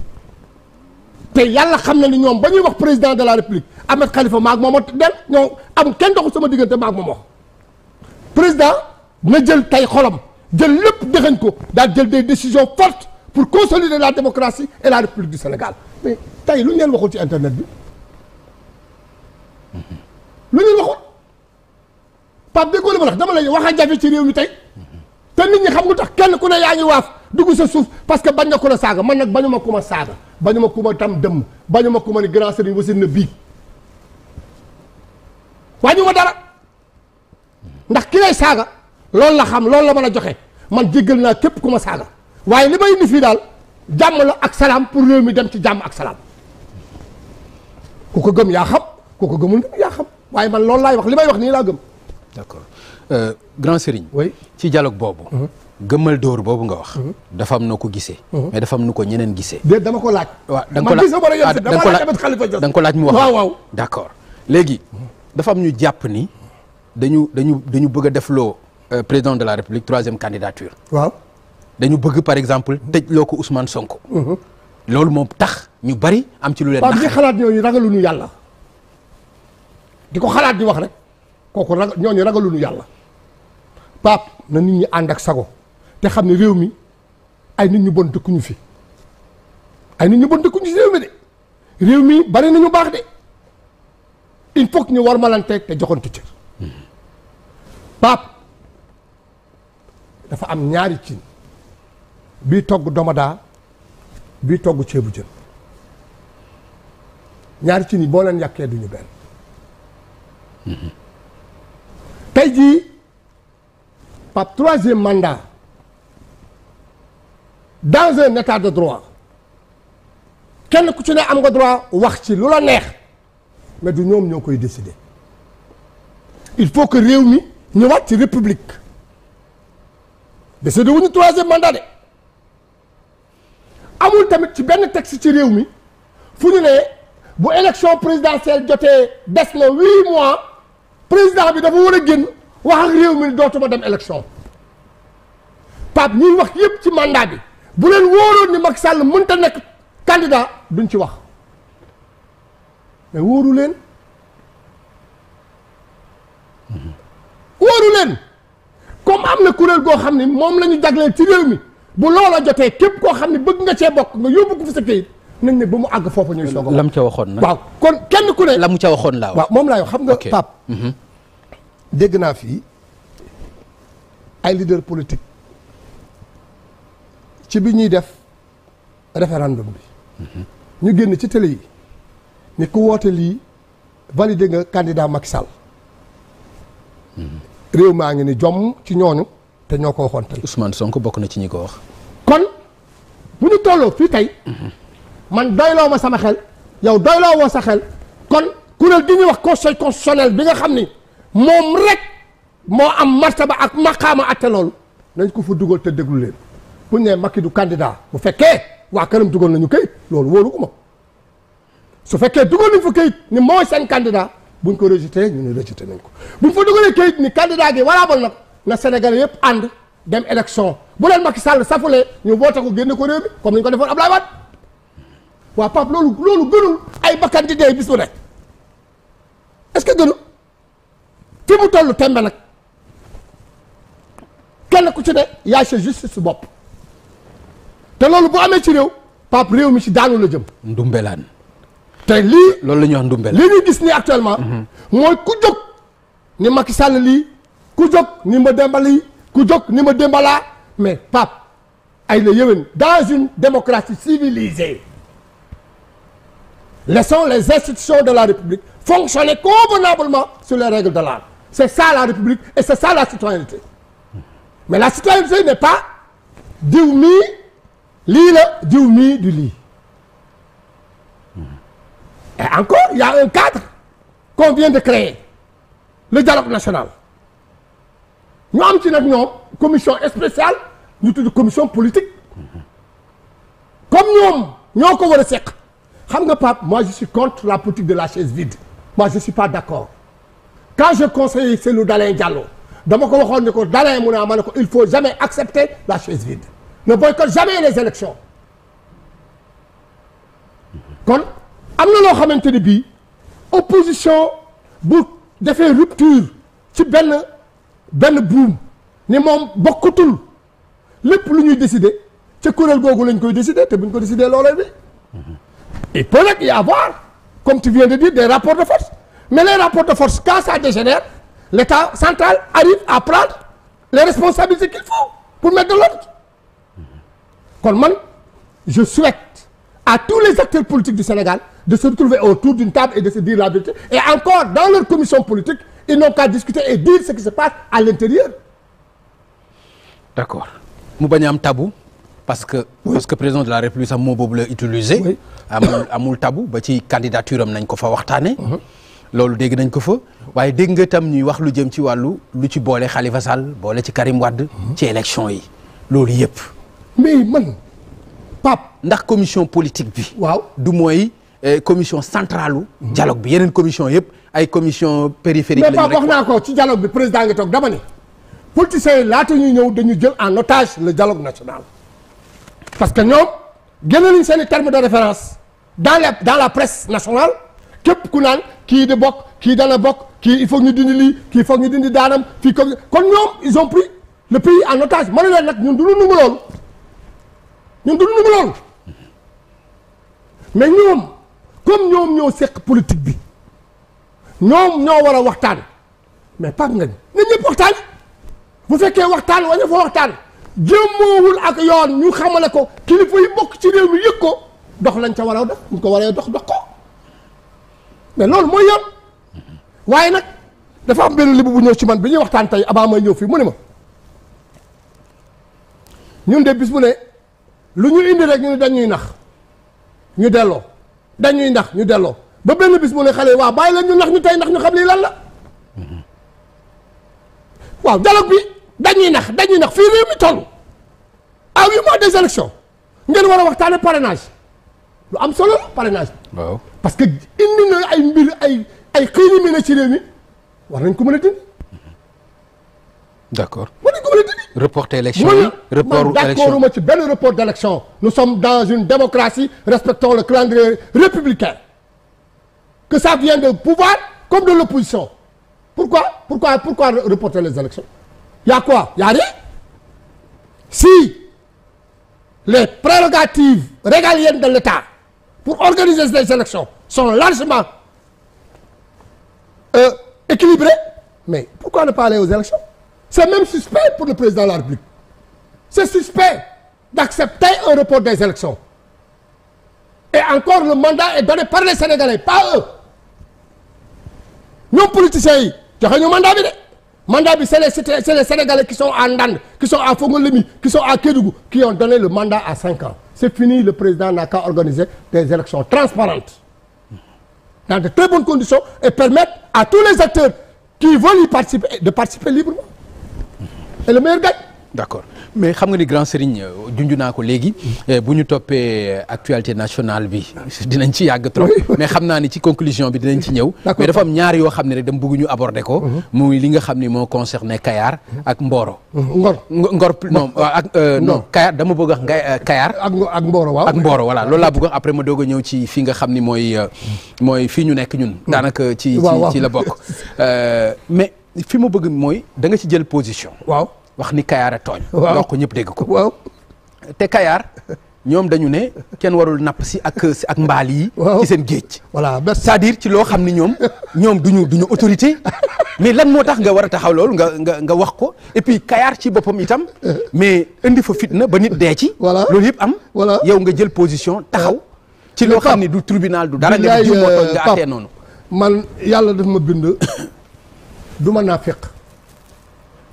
te yàlla xam na ni ñoom ba ñuy wax président de la république Ahmed Khalifa maag moom a dem ñoo am kenn doxul sama diggante maag moom wax président na jël tay xolam jël lépp dëxañ ko daal jël des décision fortes pour consolider la démocratie et la république du Sénégal mais tay lu ñu leen waxul ci internet bi lu ñu leen waxul Pape déggoo la ma la dama lay wax a jafe ci réew mi tey te nit ñi xam lu tax kenn ku ne yaa ngi waaf dugg sa suuf parce que bañ nga ku la saaga man nag bañu ma ku ma saaga bañu ma ku ma tam dëmm bañu ma ku ma ni grand sëriñ wasin na biig ma dara ndax ki lay saaga loolu la xam loolu la mën a joxe man jéggal naa képp ku ma saaga waaye li may indi fii daal jàmm la ak salaam pour réew mi dem ci jàmm ak salaam ku ko gëm yaa xam ku ko gëmul yaa xam waaye man loolu laay wax li may wax nii laa gëm d'accord Euh, grand Serigne. oui ci dialogue boobu. Mhm. gëmmal dóor boobu nga wax. Mhm. dafa am na ko gisee. Mhm. mais dafa am na ko ñeneen gisee. dama ko laaj. waaw da nga ko laaj ah, da nga ko laaj mu wax. waaw waaw d' accord léegi dafa am ñu jàpp ni dañu dañu dañu bëgg def loo euh, président de la république troisième candidature. waaw dañu bëgg par exemple tëj loo ko Ousmane Sonko. loolu moom tax ñu bari am ci lu leen. nax ñi xalaat ñooñu ragaluñu yàlla. di ko xalaat di wax rek kooku ragal ñooñu ragaluñu yàlla. Pape na nit ñi ànd ak sago te xam ne réew mi ay nit ñu bon dëkkuñu fi ay nit ñu bon dëkkuñu si réew mi de réew mi bari nañu baax de il faut ñu war malanteeg te joxante cër Pape dafa am ñaari cin bii togg domadaa bii togg ceebu jën ñaari cin yi boo leen yàkkee duñu benn mm-hmm. tey jii par troisième mandat dans un état de droit kenn ku ci ne am nga droit wax ci lu la neex mais du ñoom ñoo koy décider il faut que réew mi ñu ñëwaat ci république décider wuñu troisième mandat de amul tamit ci benn texte ci réew mi fu ñu ne bu élection présidentielle jotee des na huit mois président bi dafa war a génn waa ak réew mi dootuma dem élection Pape ñuy wax yëpp ci mandat bi bu leen wóoroon ni Macky Sall mënta nekk candidat duñ ci wax mais wóoru leen wóoru leen comme am na kuréel goo xam ne moom la ñu jagleel ci réew mi bu loola jotee képp koo xam ne bëgg nga cee bokk nga yóbbu ko fi sa këyit nañ ne ba mu àgg foofu ñuy soog a. lam waxoon na waaw kon kenn ku ne. la mu ca waxoon laa waaw moom laa yoo xam nga Pape. Mm-hmm. dégg naa fii ay leader politique ci bi ñuy def référendum bi ñu génn ci télé yi ni ku woote lii validé nga candidat Macky Sall réew maa ngi ni jomm ci ñooñu te ñoo ko waxoon tey Ousmane Sonko bokk na ci ñi ko wax kon bu ñu tolloo fii tey man doyloo ma sama xel yow doyloo woo sa xel kon kuréel gi ñuy wax conseil constitutionnel bi nga xam ni moom rek moo am martaba ak maqaama atte loolu nañ ko fa dugal te déglu leen bu ñu nee Macky du kandidaa bu fekkee waa këram dugal nañu kayit loolu wóolu ko ma su fekkee dugal nañ fu kayit ni mooy seen candidat buñ ko rejeté ñu ne rejeté nañ ko buñ fa dugalee kayit ni candidat gi walaabal nag na Sénégalais yëpp ànd dem élection bu leen makki Sall safulee ñu woote ko génne ko réew mi comme ni ñu ko defoon Abdoulaye Wade waa Pape loolu loolu gënul ay bakkan di que fi mu tollu tembe nag kenn ku ci ne yaay sa justice bopp te loolu bu amee ci réew Pape réew mi ci daanu la jëm. ndumbelaan. te lii loolu la ñuy wax ndumbelaan li ñu gis nii actuellement. Mhm. mooy ku jóg ni Macky Sall lii ku jóg ni ma démbali ku jóg ni ma démbalaa mais Pape ay la yéwén dans une démocratie civilisée laissons les institutions de la République fonctionner convenablement su les règles de l'art C'est ça la République et c'est ça la citoyenneté. Mais la citoyenneté n'est pas diw mii lii la diw mii du lii. Et encore, il y a un cadre qu'on vient de créer, le dialogue national. ñu am ci nag ñoom commission spéciale ñu tudd commission politique comme ñoom ñoo ko war a seq xam nga Pape moi je suis contre la politique de la chaise vide moi je suis pas d'accord quand je conseille Cellou Dalein Diallo dama ko waxoon ni ko Dalein mu ne ma ne ko il faut jamais accepter la chaise vide ne boycotte jamais les élections kon am na loo xamante ni bii opposition bu defee rupture ci benn benn buum ni moom bokkutul lépp lu ñuy décider ca kuréel googu lañ koy décider te buñ ko décider loolee bi il peut nag y avoir comme tu viens de dire des rapports de force mais les rapports de force quand ça dégénère l'État central arrive à prendre les responsabilités qu'il faut pour mettre de l'ordre je souhaite à tous les acteurs politiques du Sénégal de se retrouver autour d'une table et de se dire la vérité et encore dans leur commission politique ils n'ont qu'à discuter et dire ce qui se passe à l'intérieur mu bañ am tabou parce que oui. que président de la République sax moo boobu la utiliser amul amul tabou ba ci candidature am nañ ko fa waxtaane mhm. loolu dégg nañ ko fa waaye dégg nga tam ñuy wax lu jëm ci wàllu lu ci boole xalifa Sall boole ci Karim wàdd ci élection yi loolu yëpp. mais man Pape. ndax commission politique bi. waaw du mooy eh, commission centrale. dialogue bi yeneen commission yëpp ay commission périphérique. mais Pape ci dialogue bi président ngi toog dama ne. politiciens yi laata ñuy ñëw dañu jël en otage le dialogue national. parce que ñoom génne nañ seen i de référence dans la dans la presse nationale. képp ku naan kii di bokk kii dana bokk kii il faut ñu dindi lii kii foog ñu dindi daanam fii ko kon ñoom ils ont pris le pays en otage ma ne leen nag ñun du ñu nangu loolu ñun du ñu nangu loolu mais ñoom comme ñoom ñoo seq politique bi ñoom ñoo war a waxtaan mais Pape Ngagne na ñëpp waxtaan bu fekkee waxtaan wañu fa waxtaan jëmmoowul ak yoon ñu xamale ko kilifa yi bokk ci réew mi yëg ko dox lañ ca war a def ñu ko waree dox dox mais loolu mooy yoon waaye nag dafa am benn libu bu ñëw ci man bi ñuy waxtaan tey abaa may ñëw fii mu ne ma ñun de bis mu ne lu ñu indi rek ñu ne dañuy nax ñu delloo dañuy nax ñu delloo ba benn bis mu ne xale yi waaw bàyyi leen ñu nax ñu tey ndax ñu xam lii lan la waaw dialogue bi dañuy nax dañuy nax fii réew mi toll à huit mois des ngeen war a waxtaane parrainage lu am solo la parrainage bi. waaw parce que indi na ay mbir ay ay xëy na ci réew war nañ ko mën a dindi. d' accord war nañ ko mën a dindi. reporter élection yi report d' accord ma ci benn report d' élection nous sommes dans une démocratie respectons le calendrier républicain que ça vienne de pouvoir comme de l' opposition pourquoi pourquoi pourquoi reporter les élections y' a quoi y' a rien si les prérogatives régaliennes de l'État pour organiser ces élections sont largement euh, équilibrées mais pourquoi ne pas aller aux élections c'est même suspect pour le président la République c'est suspect d'accepter un report des élections et encore le mandat est donné par les Sénégalais pas eux ñoom politiciens yi joxe ñu mandat bi de mandat bi c'est les c'est les Sénégalais qui sont à Ndande qui sont à Fongolemi qui sont à Kédougou qui ont donné le mandat à cinq ans c'est fini le président n'a qu'à organiser des élections transparentes dans de très bonnes conditions et permettre à tous les acteurs qui veulent y participer de participer librement et le meilleur gagne. mais xam nga ni grand Serigne euh, junj naa ko léegi euh, bu ñu toppee actualité nationale bi dinañ ci yàgg trop mais xam naa ni ci conclusion bi dinañ ci ñëw mais dafa am ñaar yoo xam ne rek dama bëgg ñu ko mhm. muy li nga xam ni moo concerné Kayar ak Mboro mhm. Ngor Ngor non ak euh, non Kayar bëgg wax nga Kayar ak Mboro waaw ak Mboro voilà loolu laa bëgg après ma doog a ñëw ci fi nga xam ni mooy mooy fii ñu nekk ñun mhm. daanaka ci ci ci la bokk mais fi ma bëgg mooy da nga ci jël position waaw wax ni Kayar a tooñ. waaw ko ñëpp dégg ko. waaw te Kayar ñoom dañu ne kenn warul napp si ak si ak mbaal yi. ci seen géej. voilà cest à ci loo xam ni ñoom <laughs> ñoom duñu duñu autorité. mais lan moo tax nga war a taxaw loolu nga nga nga wax ko et puis Kayar ci boppam itam <laughs> mais indi fa fitna ba nit dee ci. voilà loolu yëpp am. voilà yow nga jël position taxaw. ci loo xam ni du tribunal du dara. nga jiw moo euh, tooñ nga àttee noonu. man yàlla daf ma bind <coughs> du ma naa fekk.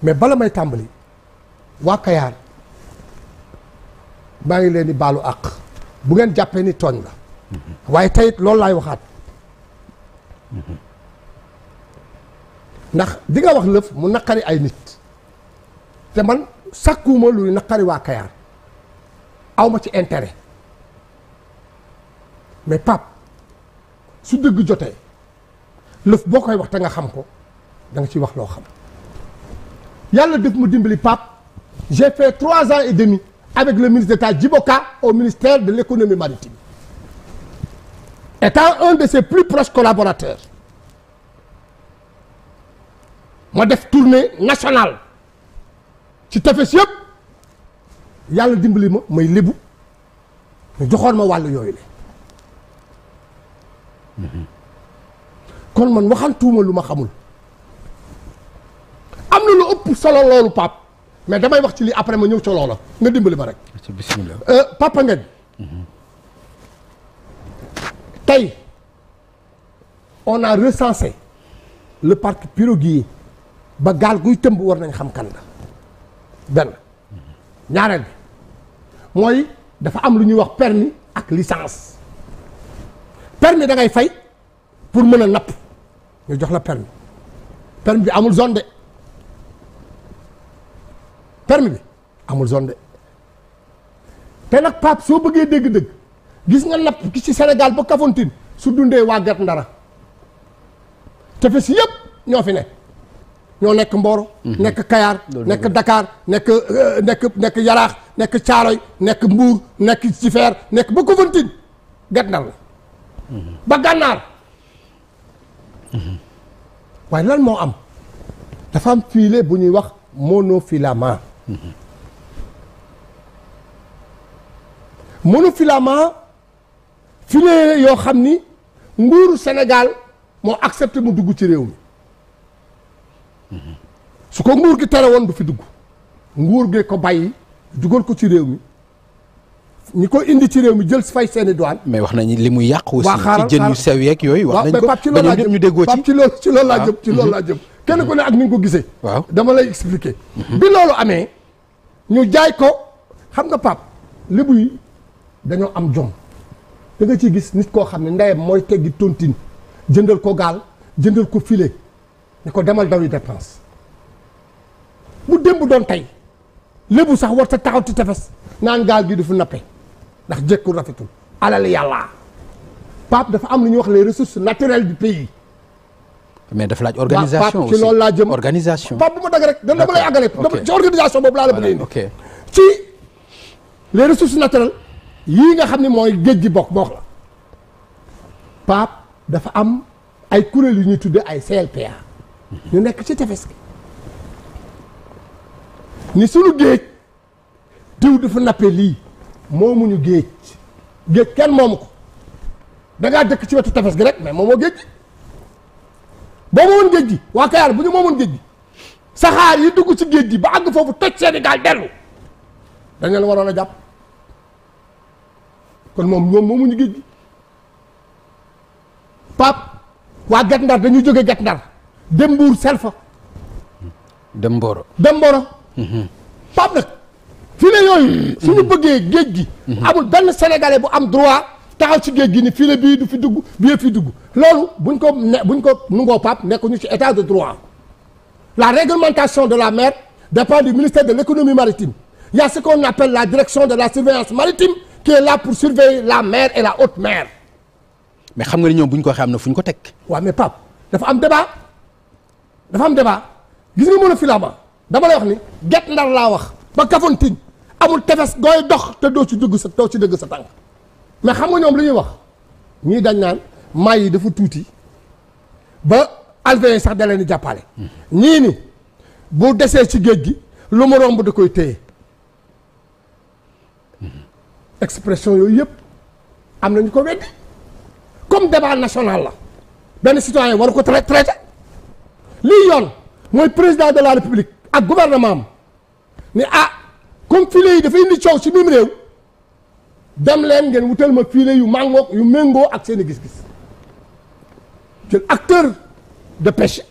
mais bala may tàmbali waa Kayaar maa ngi leen di baalu àq bu ngeen jàppee ni tooñ la waaye tayit loolu laay waxaat ndax di nga wax lëf mu naqari ay nit te man sàkkuwuma luy naqari waa Kayaar awma ci intérêt mais Pape su dëgg jotee lëf boo koy wax te nga xam ko danga nga ciy wax loo xam yàlla def mu dimbali Pape j'ai trois ans et demi avec le ministre d'État Djiboka au ministère de l'économie maritime étant un de ses plus proches collaborateurs ma def tournée nationale ci tefes yëpp yàlla dimbali ma may lébu ñu joxoon ma wàllu yooyu le mhm. kon man waxantuuma lu ma xamul ëpp solo loolu Pape mais damay wax ci lii après ma ñëw ci la nga dimbali ma rek. bismillah euh, Papa Ngagne. tey on a recensé le parc gi ba gaal guy tëmb war nañ xam kan la benn ñaareel mooy dafa am lu ñuy wax permis ak licence permis da ngay fay pour mën a napp ñu jox la permis permis bi amul zone de. permis bi amul zone de te nag Pape soo bëggee dégg-dëgg gis nga napp ci Sénégal ba Kafountine su dundee waa Guet Ndara tefes yëpp ñoo fi ne ñoo nekk Mboro mhm. nekk Kayar nekk Dakar nekk euh, nekk nekk Yaraax nekk caaloy nekk Mbuur nekk Jifeer nekk ba Kafountine Guet Ndar la mhm. ba gànnaar mhm. waaye lan moo am dafa am filet bu ñuy wax monofilament Mhm. monofilament filet yoo xam ni nguuru Sénégal moo accepté mu dugg ci réew mi mhm. su ko nguur gi tere woon du fi dugg nguur gee ko bàyyi dugal ko ci réew mi ni ko indi ci réew mi jël fay seeni i mais wax nañu li mu yàq aussi ci jën yu sew yeeg yooyu wax nañ ko ba ñoom ñëpp ñu déggoo ci ci loolu ci loolu laa ah. jëm ci loolu laa mhm. kenn ku ne ak ni nga ko gisee waaw dama lay expliquer bi loolu amee ñu jaay ko xam nga pap lébu yi dañoo am jom da nga ci gis nit koo xam ne ndeyam mooy teggi tontine jëndal ko gaal jëndal ko file ne ko demal dawi dépense bu démb doon tey lépp sax war ta taxaw ci tefes naan gaal gi du fu nappe ndax jekkul rafetul alal yàlla Pape dafa am lu ñuy wax les ressource naturelles du pays. mais dafa laaj organisation aussi laa jëm organisation. Pape bu ma dagg rek dama la lay àggale. ci organisation boobu laa la bëggee indi. ci les ressources naturelles yii nga xam ne mooy géej gi bokk bokk la Pape dafa am ay kuréel yu ñuy tuddee ay CLPA. ñu nekk ci tefes ni sunu géej diw dafa nappee lii. moomuñu géej géej kenn moomu ko dangaa ngaa dëkk ci wetu tefes gi rek mais moomoo géej gi boo moomoon géej gi waa Kayaar bu ñu moomoon géej gi saxaar yi dugg ci géej gi ba àgg foofu toj Sénégal dellu dañ leen waroon a jàpp kon moom ñoom moomuñu géej gi Pape waa Guet Ndar dañuy jógee Guet Ndar dem Mbuur Selfa dem Mboro dem Mboro mhm. Pape nag filet yooyu suñu bëggee géej gi amul benn sénégalais bu am droit taxaw ci géej gi ni filet bii du fi dugg bii fi dugg loolu buñ ko ne buñ ko nungoo pap nekk ñu ci état de droit la réglementation de la mer dépend du ministère de l'économie maritime il y a ce qu'on la direction de la surveillance maritime qui est là pour surveiller la mer et la haute mer mais xam nga ni ñoom bu ko waxee am na fu ñu ko teg waaw mais pap dafa am débat dafa am débat gis nga dama lay ni get ndar laa wax ba Kafountine amul tefes gooy dox te doo ci dëgg sa ci dëgg sa tànk mais xam nga ñoom lu ñuy wax ñii dañ naan may yi dafa tuuti ba alvéoles sax da leen di jàppale. ñii ni bu desee ci géej gi lu mu romb da koy téye expression yooyu yëpp am nañu ko weddi comme débat national la benn citoyen war ko traité lii yoon mooy président de la république ak gouvernement am ni ah. comme filets yi dafa indi coow si mim réew leen ngeen wutal ma filets yu màngoog yu méngoo ak seen i gis-gis jël acteur de pêche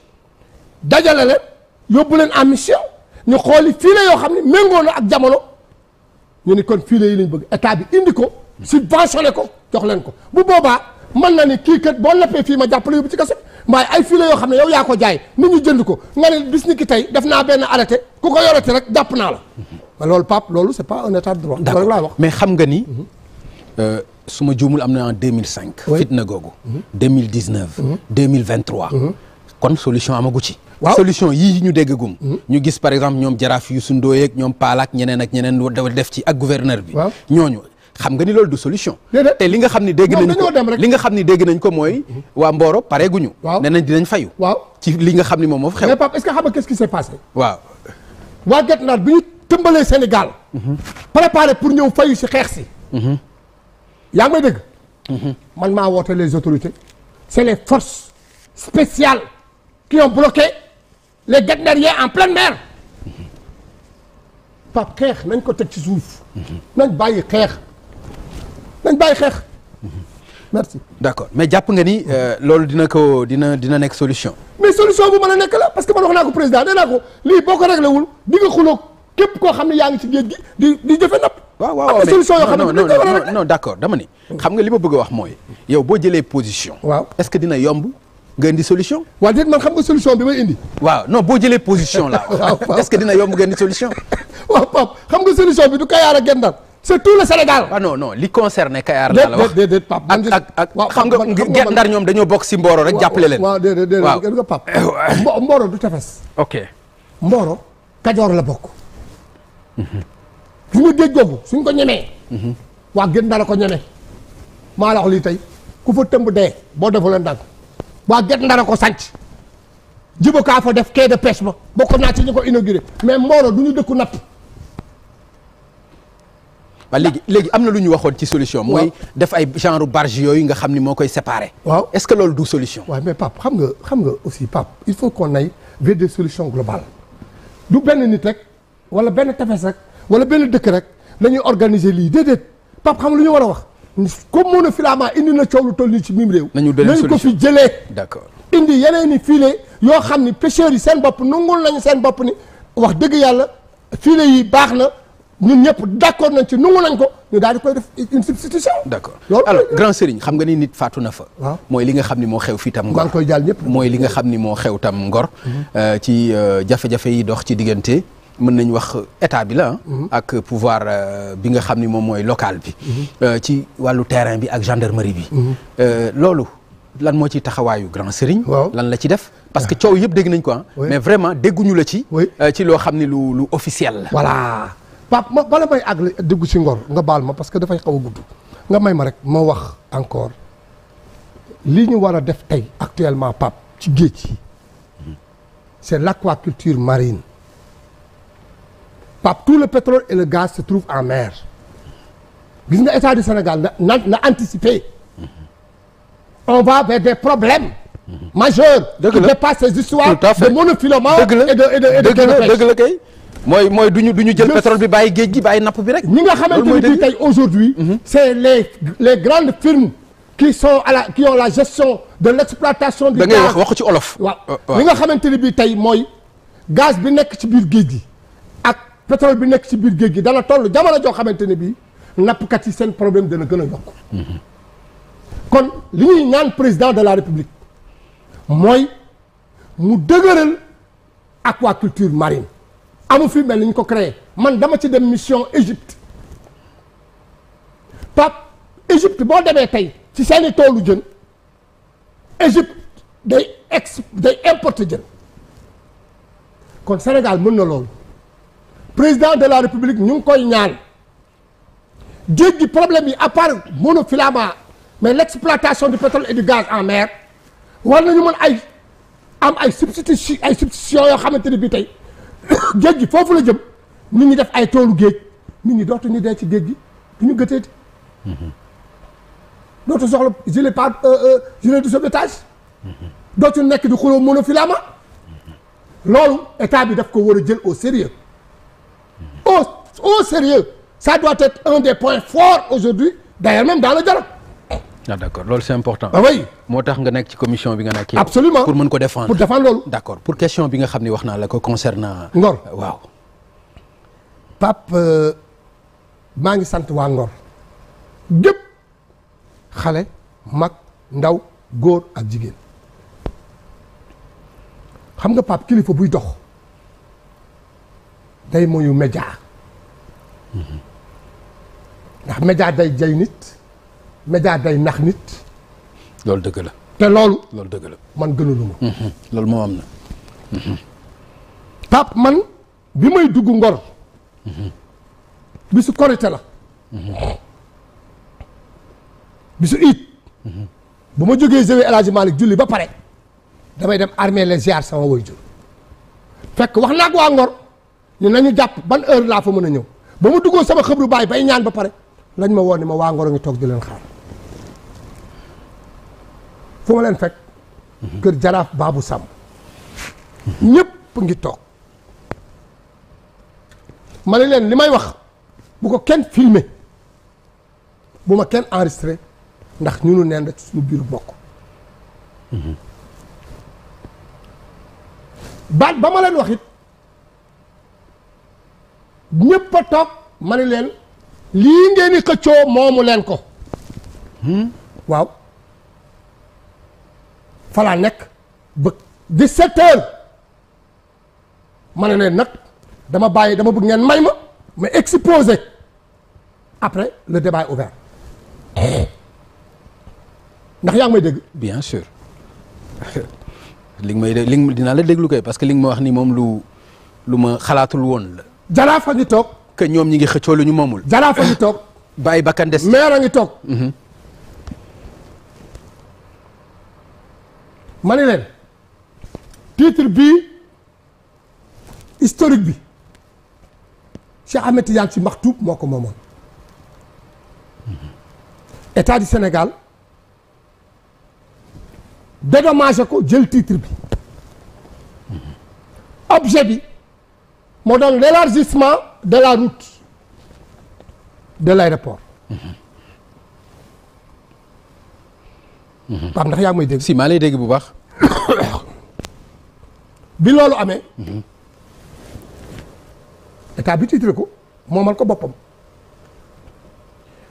dajale leen yóbbu leen en mission ñu xooli filets yoo xam ne méngoo na ak jamono ñu ni kon filets yi lañ bëgg état bi indi ko subventionné ko jox leen ko bu boobaa mën na ni kii kat boo nappee fii ma jàppale yóbbu ci kaso waaye ay filets yoo xam ne yow yaa ko jaay nit ñu jënd ko nga bis ni ki tey def naa benn arrêté ku ko yorati rek jàpp naa mais loolu Pape loolu c'est pas un état de droit. loolu laa wax mais xam nga ni. Mhm. Euh, su ma juumul am na en 2005. oui fitna googu. 2019. Mhm. 2023. Mhm. kon solution amagu ci. waaw solution yii ñu dégg gum ñu gis par exemple ñoom jaraaf Youssou Ndoye ak ñoom Paal ak ñeneen ak ñeneen dafa def ci ak gouverneur bi. ñooñu xam nga ni loolu du solution. te li nga xam ni dégg nañ ko li nga xam ni dégg nañ ko mooy. waa Mboro pare guñu. waaw nañ dinañ fayu. waaw ci li nga xam ni moom moo fa xew. mais Pape est-ce que xam nga quest tëmbalee Sénégal. préparé pour ñëw fayu si xeex si. yaa ngi may dégg. man maa woote les autorité c' est les forces spéciales qui ont bloqué les en pleine mer. Pape xeex nañ ko teg ci suuf. nañ bàyyi xeex. nañ bàyyi xeex. merci d' accord mais jàpp nga ni euh, loolu dina ko dina nekk solution. mais solution bu mën a nekk la parce que man wax naa ko président nee naa ko lii boo ko réglé wul di nga xuloog. képp koo xam ne yaa ngi ci géej gi di di jëfe napp waaw waaw am na solution yoo xam ne dama ni mm. xam li ma bëgg wax mooy yow boo jëlee position waaw est-ce que dina yomb nga indi solution waaw déet man xam nga solution bi may indi waaw non boo jëlee position la <laughs> est dina yomb nga indi solution <laughs> waaw Pape xam nga solution bi du Kayar ak Gendar c'est tout le Sénégal ah no li concerné Kayar laa wax déedéet déet Pape ak ak xam ñoom dañoo bokk ci Mboro rek jàppale leen waaw déedéet déedéet nga Pape Mboro du tefes <laughs> ok Mboro Kajoor la bokk gis nga géej googu suñ ko ñemee waa gën dara ko ñeme maa la wax lii tey ku fa tëmb dee boo defu leen dànk waa gën dara ko sànc jibakaa fa def quai de pêche ba bokk naa ci ñu ko inauguré mais Mboro du ñu dëkku napp waaw léegi léegi am na lu ñu waxoon ci solution mooy def ay genre barge yooyu nga xam ni moo koy séparé waaw est-ce que loolu du solution waaw mais Pape xam nga xam nga aussi Pape il faut qu'on aille de solution solutions globales du benn nit rek wala benn tefes rek wala benn dëkk rek nañuy organiser lii déedéet Pape xam lu ñu war a wax comme na monofilament indi na coow lu toll nii ci mim réew. nañu ko fi jëlee. d'accord indi yeneen i filets yoo xam ni pêcheurs yi seen bopp nangul nañu seen bopp ni wax dëgg yàlla filets yi baax na. ñun ñëpp d'accord nañ ci nungu nañ ko ñu daal di koy def une substitution. d'accord alors grand Serigne xam nga ni nit faatu na fa. waaw mooy li nga xam ni moo xew fii tam. ngor ngi koy jàll ñëpp mooy li nga xam ni moo xew tam ngor. Mhm. Euh, ci euh, jafe-jafe yi dox ci diggante. mën nañ wax état bi la mhm. ak pouvoir euh, bi nga xam ni moom mooy local bi mhm. euh, ci wàllu terrain bi ak gendarmerie bi mhm. euh, loolu lan moo ci taxawaayu grand serigne lan la ci def parce que coow yëpp dégg nañ ko ah mais vraiment dégguñu la ci ci loo xam ni lu lu officiel la voilà pap ma bala may àgg déggu si ngor nga baal ma parce que dafay xaw a gudd nga may ma rek ma wax encore li ñu war a def tey actuellement pap ci géej gi c'est culture marine Pape tout le pétrole et le gaz se trouvent en mer gis nga état du Sénégal na na na anticiper on va vers des problèmes majeurs. dëgg la qui dépassent ces histoires de monofilament. dëgg la et de et de et de dëgg la kay. mooy mooy du ñu du ñu jël pétrole bi bàyyi géej gi bàyyi napp bi rek. ñi nga xamante ni bii tey aujourd'hui mhm. c'est les les grandes firmes. qui sont à la qui ont la gestion de l'exploitation du gaz da ngay wax wax ci olof. waaw euh, li nga xamante ni bii tey mooy gaz bi nekk ci biir géej gi. pétrole bi nekk ci biir géej gi dana toll jamono joo xamante ne bii nappkat yi seen problème dana gën a yokk kon li ñuy ñaan président de la république mooy mu dëgëral aquaculture marine amu fi mel ni ñu ko créé man dama ci dem mission Égypte Pape Égypte boo demee tey ci seeni toolu jën Égypte day ex day importer jën kon Sénégal mën na loolu président de la république ñu ngi koy ñaan géej gi problème yi à part monofilament mais l'exploitation du pétrole et du gaz en mer war nañu mën ay am ay substitution ay substitution yoo xamante ni bii tey <coughs> géej gi foofu la jëm nit ñi def ay toolu géej nit ñi ñu dee ci géej gi duñu gëteeti mm-hmm. dootu soxla gilet par euh, euh, gilet de sauvetage mm-hmm. dootu nekk di xuloo monofilament mm-hmm. loolu état bi daf ko war a jël au sérieux au sérieux ça doit être un des points forts aujourd'hui d'ailleurs même dans le dialogue ah d'accord loolu c'est important. ah oui moo tax nga nekk ci commission bi nga nekk. absolument pour mën ko défendre pour défendre loolu. d'accord pour question bi nga xam ni wax naa la ko concernant. Ngor waaw. Pape euh, maa ngi sant waa Ngor. gépp xale mag ndaw góor ak jigéen xam nga Pape kilifa buy dox day moyu média. ndax média day jay nit média day nax nit loolu dëgg la te loolu loolu dëgg la man gënalu ma mhm. loolu moom am na mhm. Pape man bi may dugg Ngor su korite la bi su it bu ma jógee jëwee El Hadji julli ba pare damay dem armée les ziar sama waajur fekk wax naa ak waa Ngor ñu nañu jàpp ban heure laa fa mën a ñëw ba ma duggoon sama xëbru baay bay ñaan ba pare lañ ma woo ne ma waa Ngor a ngi toog di leen xaar fu ma leen fekk kër jaraaf baabu sàmm ñëpp ngi toog ma ne leen li may wax bu ko kenn filmé bu ma kenn enristre ndax ñunu neen rek suñu biiru bokk mhm. baat ba ma leen wax ñëpp a toog ma ne leen lii ngeen di xëccoo moomu leen ko hmm? waaw falaa nekk ba 17 heures ma ne leen nag dama bàyyi dama bëgg ngeen may ma ma exposé après le débat est ouvert ndax yaa ngi may dégg bien sûr <laughs> li nga may dégg li dinaa la déglu kay parce que li nga ma wax nii moom lu lu ma xalaatul woon la jalaafa ngi toog. que ñoom ñi ngi xëccoo lu ñu moomul. jalaafa ngi toog. bàyyi bakkan des. maire a ngi toog. Mhm. ma ne leen titre bii historique bi si Ahmed Tidiane Sy Maktoum moo ko moomoon mhm. état du Sénégal dédommagé ko jël titre bi mhm. objet bi. moo doon l'élargissement de la route de l'aéroport mhm. paam ndax yaa ngi may dégg si maa lay dégg bu baax <coughs> bi loolu amee état bi titré ko moomal ko boppam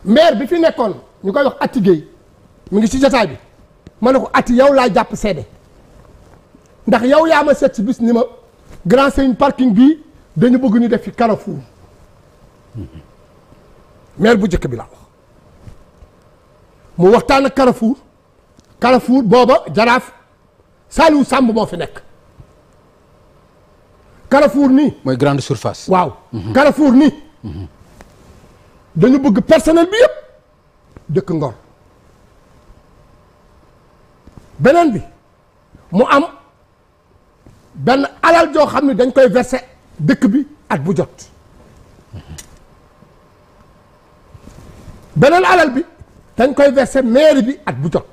maire bi fi nekkoon ñu koy wax atti Gueye mu ngi ci jotaay bi ma ne ko Ati yow laa jàpp seede ndax yow yaa ma seet si bis ni ma grand sëñ parking bii dañu bëgg ñu def fi Carrefour maire bu jëkk bi laa wax mu waxtaan ak Carrefour Carrefour booba jaraaf Saliou Samb moo fi nekk Carrefour nii. mooy grande surface. waaw mhm. Carrefour nii. Mhm. dañu bëgg personnel bi yëpp dëkk Ngor beneen bi mu am benn alal joo xam ne dañ koy verser dëkk bi ak bu jot beneen alal bi dañ koy verser maire bi ak bu jot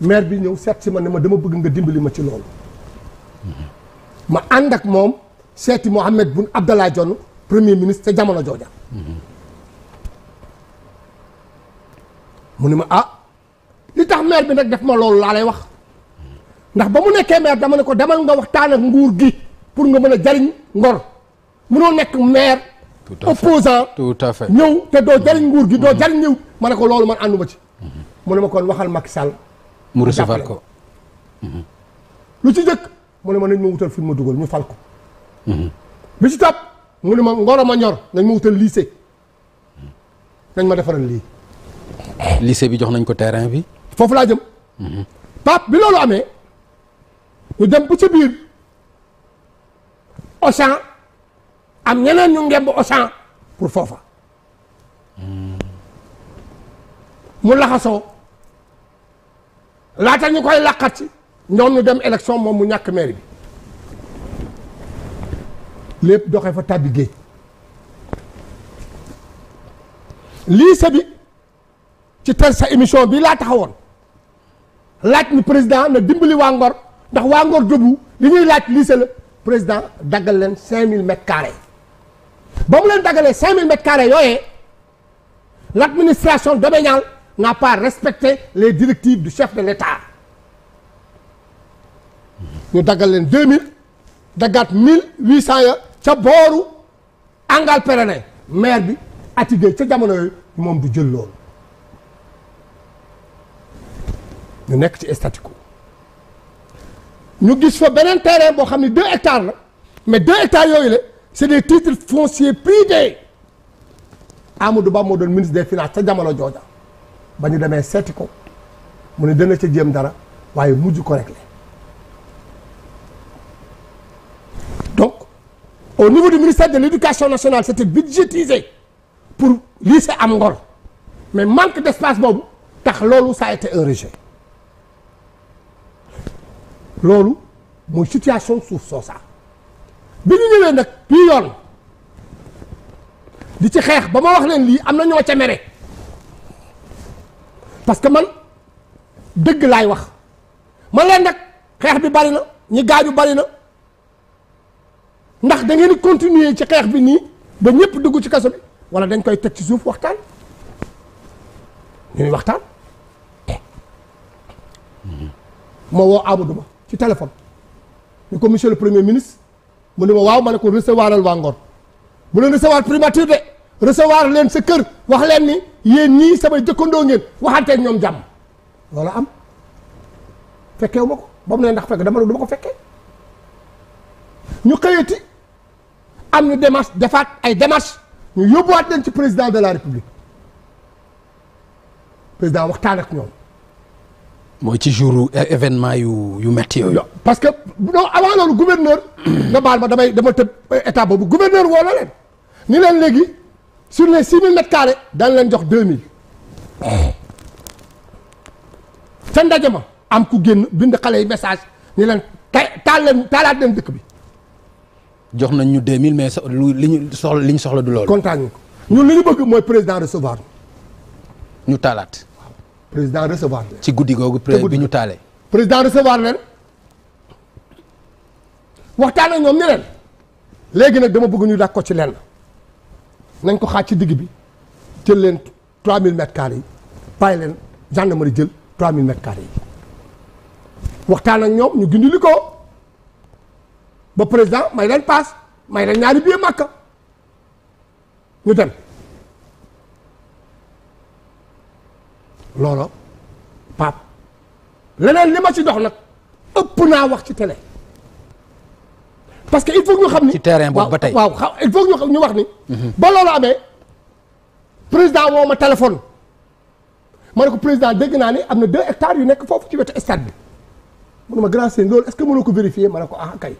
maire bi ñëw seet si ma ne ma dama bëgg nga dimbali ma ci loolu ma ànd ak moom seeti Mohamed Boun Abdallah Dionne premier ministre ca jamono jooja mu ne ma ah li tax maire bi nag def ma loolu laa lay wax ndax ba mu nekkee maire dama ne ko demal nga wax ak nguur gi pour nga mën a jariñ ngor munoo nekk maire opposant ñëw te doo jariñ mm-hmm. nguur gi doo mm-hmm. jariñ ñëw ma ne ko loolu man ànduma ci mm-hmm. mu ne ma kon waxal Macky Sall mu recevoir ko lu ci jëkk mu ne ma nañ ma wutal fi ma dugal ñu fal ko bi ci topp mu ne ma ngoro ma ñor nañ ma wutal lycée nañ ma defaral lii lycée bi jox nañ ko terrain bi foofu laa jëm Pape bi loolu amee ñu dem ba ca biir Auchan am ñeneen ñu ngemb Auchan pour foofa mu laxasoo laata ñu koy laqat ci ñoom ñu dem élection moom mu ñàkk maire bi lépp doxee fa tàbbi géej lii sa bi ci ter sa émission bi laa taxawoon laaj ni président na dimbali waa Ngor ndax waa Ngor dëbbu li ñuy laaj lycée la président daggal leen 5000 mètres carrés ba mu leen daggalee 5000 mètres carrés yooyee l' administration domaniale n'a pas respecté les directives du chef de l' ñu daggal leen 2000 daggaat 1800 ya ca booru Angal Péréné maire bi Atigé ca jamono yooyu moom du jël loolu ñu nekk ci statu quo ñu gis fa beneen terrain boo xam ne deux hectares la mais deux hectares yooyu la c'est des titres fonciers privés Amadou Ba moo doon ministre des finance ca jamono jooja ba ñu demee seeti ko mu ne dana ca jéem dara waaye mujj ko rek donc au niveau du ministère de l'éducation nationale c'était budgétisé pour lycée am ngol mais manque d'espace boobu tax loolu ça a été un rejet loolu mooy situation suuf soosa bi ñu ñëwee nag bii yoon di ci xeex ba ma wax leen lii am na ñoo ca mere parce que man dëgg laay wax man leen nag xeex bi bari na ñi gaañu bari na ndax da ngeen di continuer ci xeex bi nii ba ñëpp dugg ci kaso bi wala dañ koy teg ci suuf waxtaan ñuy waxtaan moo woo Amadou Ba ci téléphone ni ko monsieur le premier ministre mu ne ma waaw ma ne ko recevoiral waa Ngor bu leen recevoir primature de recevoir leen sa kër wax leen ni yéen ñii samay jëkkandoo ngeen waxanteeg ñoom jàmm loola am fekkeewu ma ko ba mu ne ndax fekk dama ne du ko fekkee ñu xëyati am ñu démarche defaat ay démarche ñu yóbbuwaat leen ci président de la république président waxtaan ak ñoom mooy ci jour événement yu yu métti yooyu. parce que non avant loolu gouverneur. nga baal ma damay dama tëb état boobu gouverneur woo la leen. ni leen léegi sur les six mille mètres carrés daan leen jox deux mille. ca ndaje ma am ku génn bind xale yi message ni leen ta taal leen taalaat leen dëkk bi. jox nañ ñu deux mille mais li ñu soxla li ñu soxla du loolu. kontaan ñu ko ñun li ñu bëgg mooy président recevoir. ñu taalaat. président recevoir leen. ci guddi googu bi ñu taalee. président recevoir leen waxtaan ak ñoom ni léegi nag dama bëgg ñu dàq ko ci lenn nañ ko xaaj ci digg bi jël leen 3000 mètres carrés yi bàyyi leen gendarmerie jël 3000 mètres carrés yi waxtaan ak ñoom ñu gindi li ko ba président may leen paas may leen ñaari billet Makka ñu dem. loola pap leneen li ma ci dox nag ëpp naa wax ci télé parce que il faut ñu xam ni ci terrain boobu ba tey waaw il faut ñu ñu wax ni mhm. ba loolu amee président woo ma téléphone ma ne ko président dégg naa ni am na deux hectares yu nekk foofu ci wetu stade bi mu ma grand seen loolu est-ce que mënoo ko vérifier ma ne ko ah kay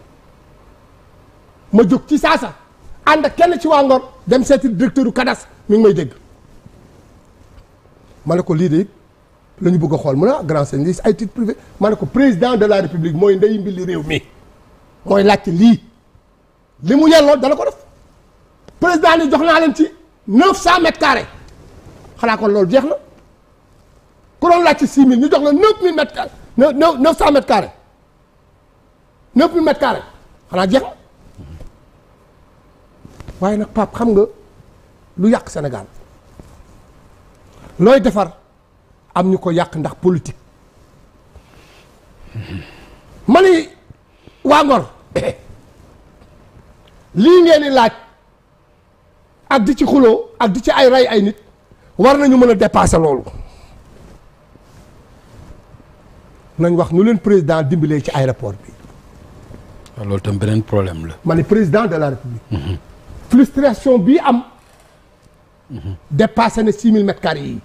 ma jóg ci saasa ànd ak kenn ci waa Ngor dem seeti directeur du cadastre ngi may dégg mane ko lii de la ñu bëgg a xool mu ne ah grand sëñ ay titre privé ma ne ko président de la république mooy ndey mbili réew mi mooy laajte lii li mu yelloo dana ko def président ni jox naa leen ci neuf cent mètres carrés xanaa kon loolu jeex na ku doon laajte six mille ñu jox na neuf mille mètres carrés neuf cent mètres carrés neuf mille mètres carrés xanaa jeex na waaye nag Pape xam nga lu yàq Sénégal looy defar am ñu ko yàq ndax politique ma ni waa Ngor <coughs> lii ngeen di laaj ak di ci xuloo ak di ci ay rey ay nit war nañu mën a dépasser loolu nañ wax nu leen président dimbalee ci aéroport bi. Ah, loolu tam beneen problème la. ma ne président de la république. Mhm. frustration bii am. Mhm. dépassé na six mille mètres carrés yi.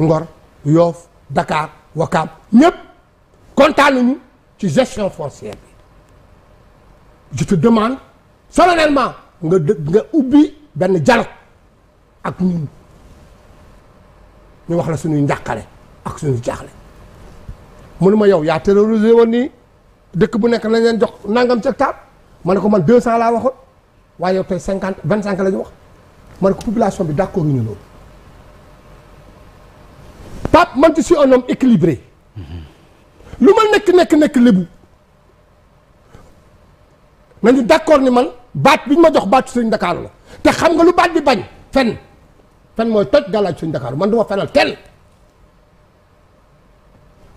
Ngor Yoof Dakar Wakaam ñëpp kontaanuñu ci gestion foncière bi je te demande solennellement nga nga ubbi benn dialogue ak ñun ñu wax la suñuy njàqare ak suñuy jaaxle mënuma yow yaa terrorisé woon nii dëkk bu nekk lañ leen jox nangam ci hectare ma ne ko man deux cent laa waxoon waaye yow tey cinquante vingt cinq la ñu wax ma ko population bi d'accord ñu loolu Pape man je suis un homme équilibré lu ma nekk nekk nekk lébu nañu d'accord ni man baat bi ñu ma jox baat Sëriñ Ndakaaru la te xam nga lu baat bi bañ fen fen mooy toj gàllaaj Sëriñ Ndakaaru man du ma fenal kenn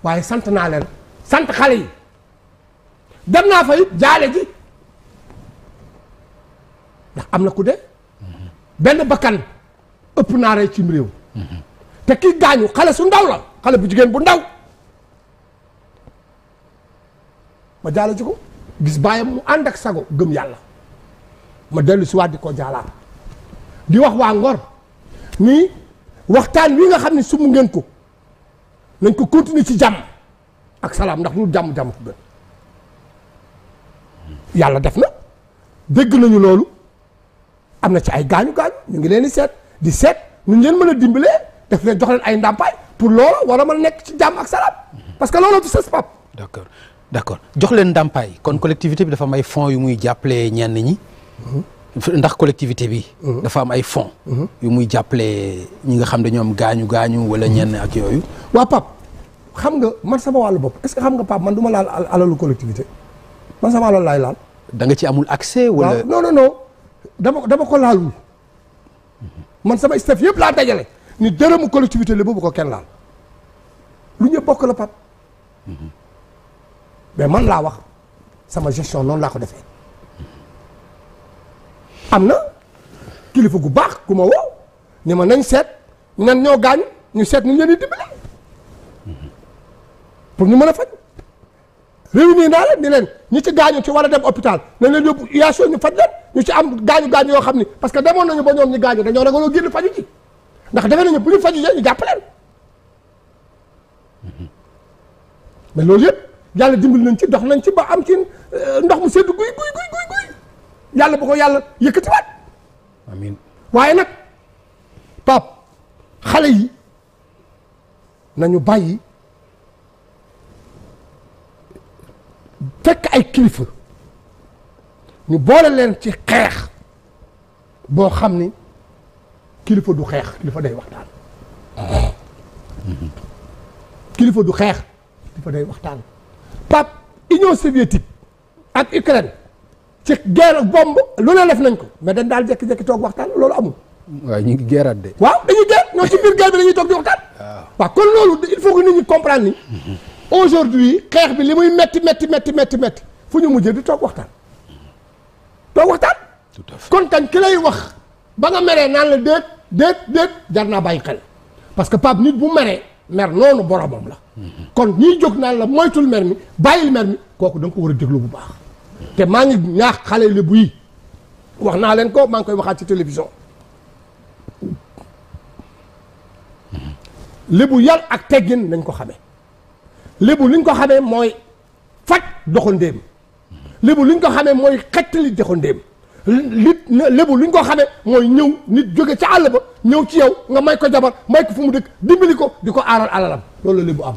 waaye sant naa leen sant xale yi dem naa fa it jaale ji ndax am na ku de benn bakkan ëpp naa rey cim te kii gaañu xale su ndaw la xale bu jigéen bu ndaw ma jaale ci ko gis bàyyam mu ànd ak sago gëm yàlla ma dellu si waat di jaalaat di wax waa Ngor nii waxtaan wi nga xam ne sumu ngeen ko nañ ko continuer ci jàmm ak salaam ndax lu jàmm jàmm ko gën yàlla def na dégg nañu loolu am na ci ay gaañu gaañu ñu ngi leen seet di seet ñu leen mën a dimbalee daf leen jox ay ndàmpaay pour loolu wala mën nekk ci jàmm ak salaam parce que loolu sa sës pap d'accord d'accord jox leen ndàmpaay kon collectivité bi dafa am ay fonds yu muy jàppale ñenn ñi mhm. ndax collectivité bi mhm. dafa am ay fonds mhm. yu muy jàppale ñi nga xam ne ñoom gaañu gaañu wala ñenn ak yooyu waa pap xam nga man sama wàll bopp est-ce que xam nga pap man du ma laal alalu collectivité man sama alal laay laal da nga ci amul accès wala non non non dama dama ko laalul man sama staff yëpp laa dajale ni dërëmu collectivité la bu ko kenn laal lu ñëpp bokk la pap mais man laa wax sama gestion noonu laa ko defee am na kilifa gu baax ku ma woo ni ma nañ seet ñan ñoo gaañ ñu seet ñu leen di dimbale pour ñu mën a faj réunir naa leen ni leen ñi ci gaañu ci war a dem hôpital nañ leen yóbbu IASO ñu faj leen ñu ci am gaañu gaañu yoo xam ni parce demoon nañu ba ñoom ñi gaañu dañoo ragaloo génn faju ji ndax defe nañu bu faj faju ñu jàpp leen mais loolu yëpp yàlla dimbali nañ ci dox nañ ci ba am ci euh, ndox mu sedd guy guy guy guy yàlla bu ko yàlla yëkkatiwaat amiin waaye nag pap xale yi nañu bàyyi tekk ay kilifa ñu boole leen ci xeex boo xam ni kilifa du xeex kilifa day waxtaan. kilifa du xeex kilifa day waxtaan. Pape Union soviétique ak Ukraine ci guerre bombe lu ne def nañ ko mais dañ daal jékki-jékki toog waxtaan loolu amul. waaw ñu ngi guerre de. waaw dañuy guerre ñoo ci biir guerre bi dañuy toog di waxtaan. waaw que nit ñi comprendre ni. aujourd'hui bi li metti metti metti metti metti fu di toog waxtaan. kon kañ ki lay wax. ba nga meree naan la déet déet déet jar naa bàyyi xel parce que Pape nit bu meree mer noonu boromam la. kon ñiy jóg naan la moytul mer mi bàyyil mer mi kooku da ko war a déglu bu baax. te maa ngi ñaax xale lébu yi wax naa leen ko maa ngi koy waxaat ci télévision lébu yar ak teggin nañ ko xame lépp liñ ko xamee mooy faj doxandéem lébu liñ ko xamee mooy xettali doxandéem lit lébu lu koo ko xamee mooy ñëw nit jóge ca àll ba ñëw ci yow nga may ko jabar may ko fu mu dëkk ko di ko aaral alalam loolu la lébu am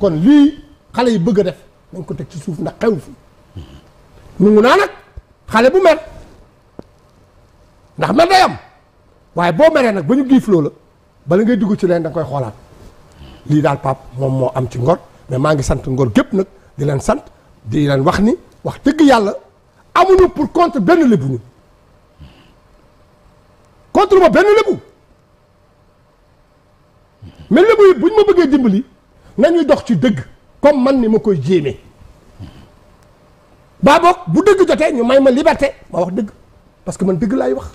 kon lii xale yi bëgg a def nañ ko teg ci suuf ndax xew fi nungu naa nag xale bu mer ndax mer am waaye boo meree nag ba ñu giif loola bala ngay dugg ci leen da koy xoolaat lii daal pap moom moo am ci ngor mais maa ngi sant ngor gépp nag di leen sant di leen wax ni wax dëgg yàlla amuñu pour contre benn lébu ñu contre ma benn lébu mais lébu yi buñ ma bëggee dimbali nañuy dox ci dëgg comme man ni ma koy jéemee baa bu dëgg jotee ñu may ma liberté ma wax dëgg parce que man dëgg laay wax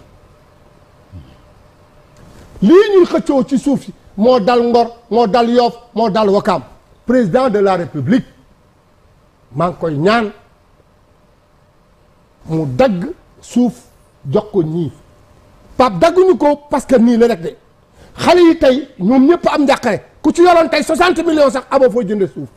lii ñuy xëccoo ci suuf si moo dal Ngor moo dal Yoff moo dal Wakaam président de la République maa ngi koy ñaan mu dagg suuf jox ko ñii Pape dagguñu ko parce que nii la rek de xale yi tey ñoom ñëpp am njàqare ku ci yoroon tey 60 millions sax aboo foo jënde suuf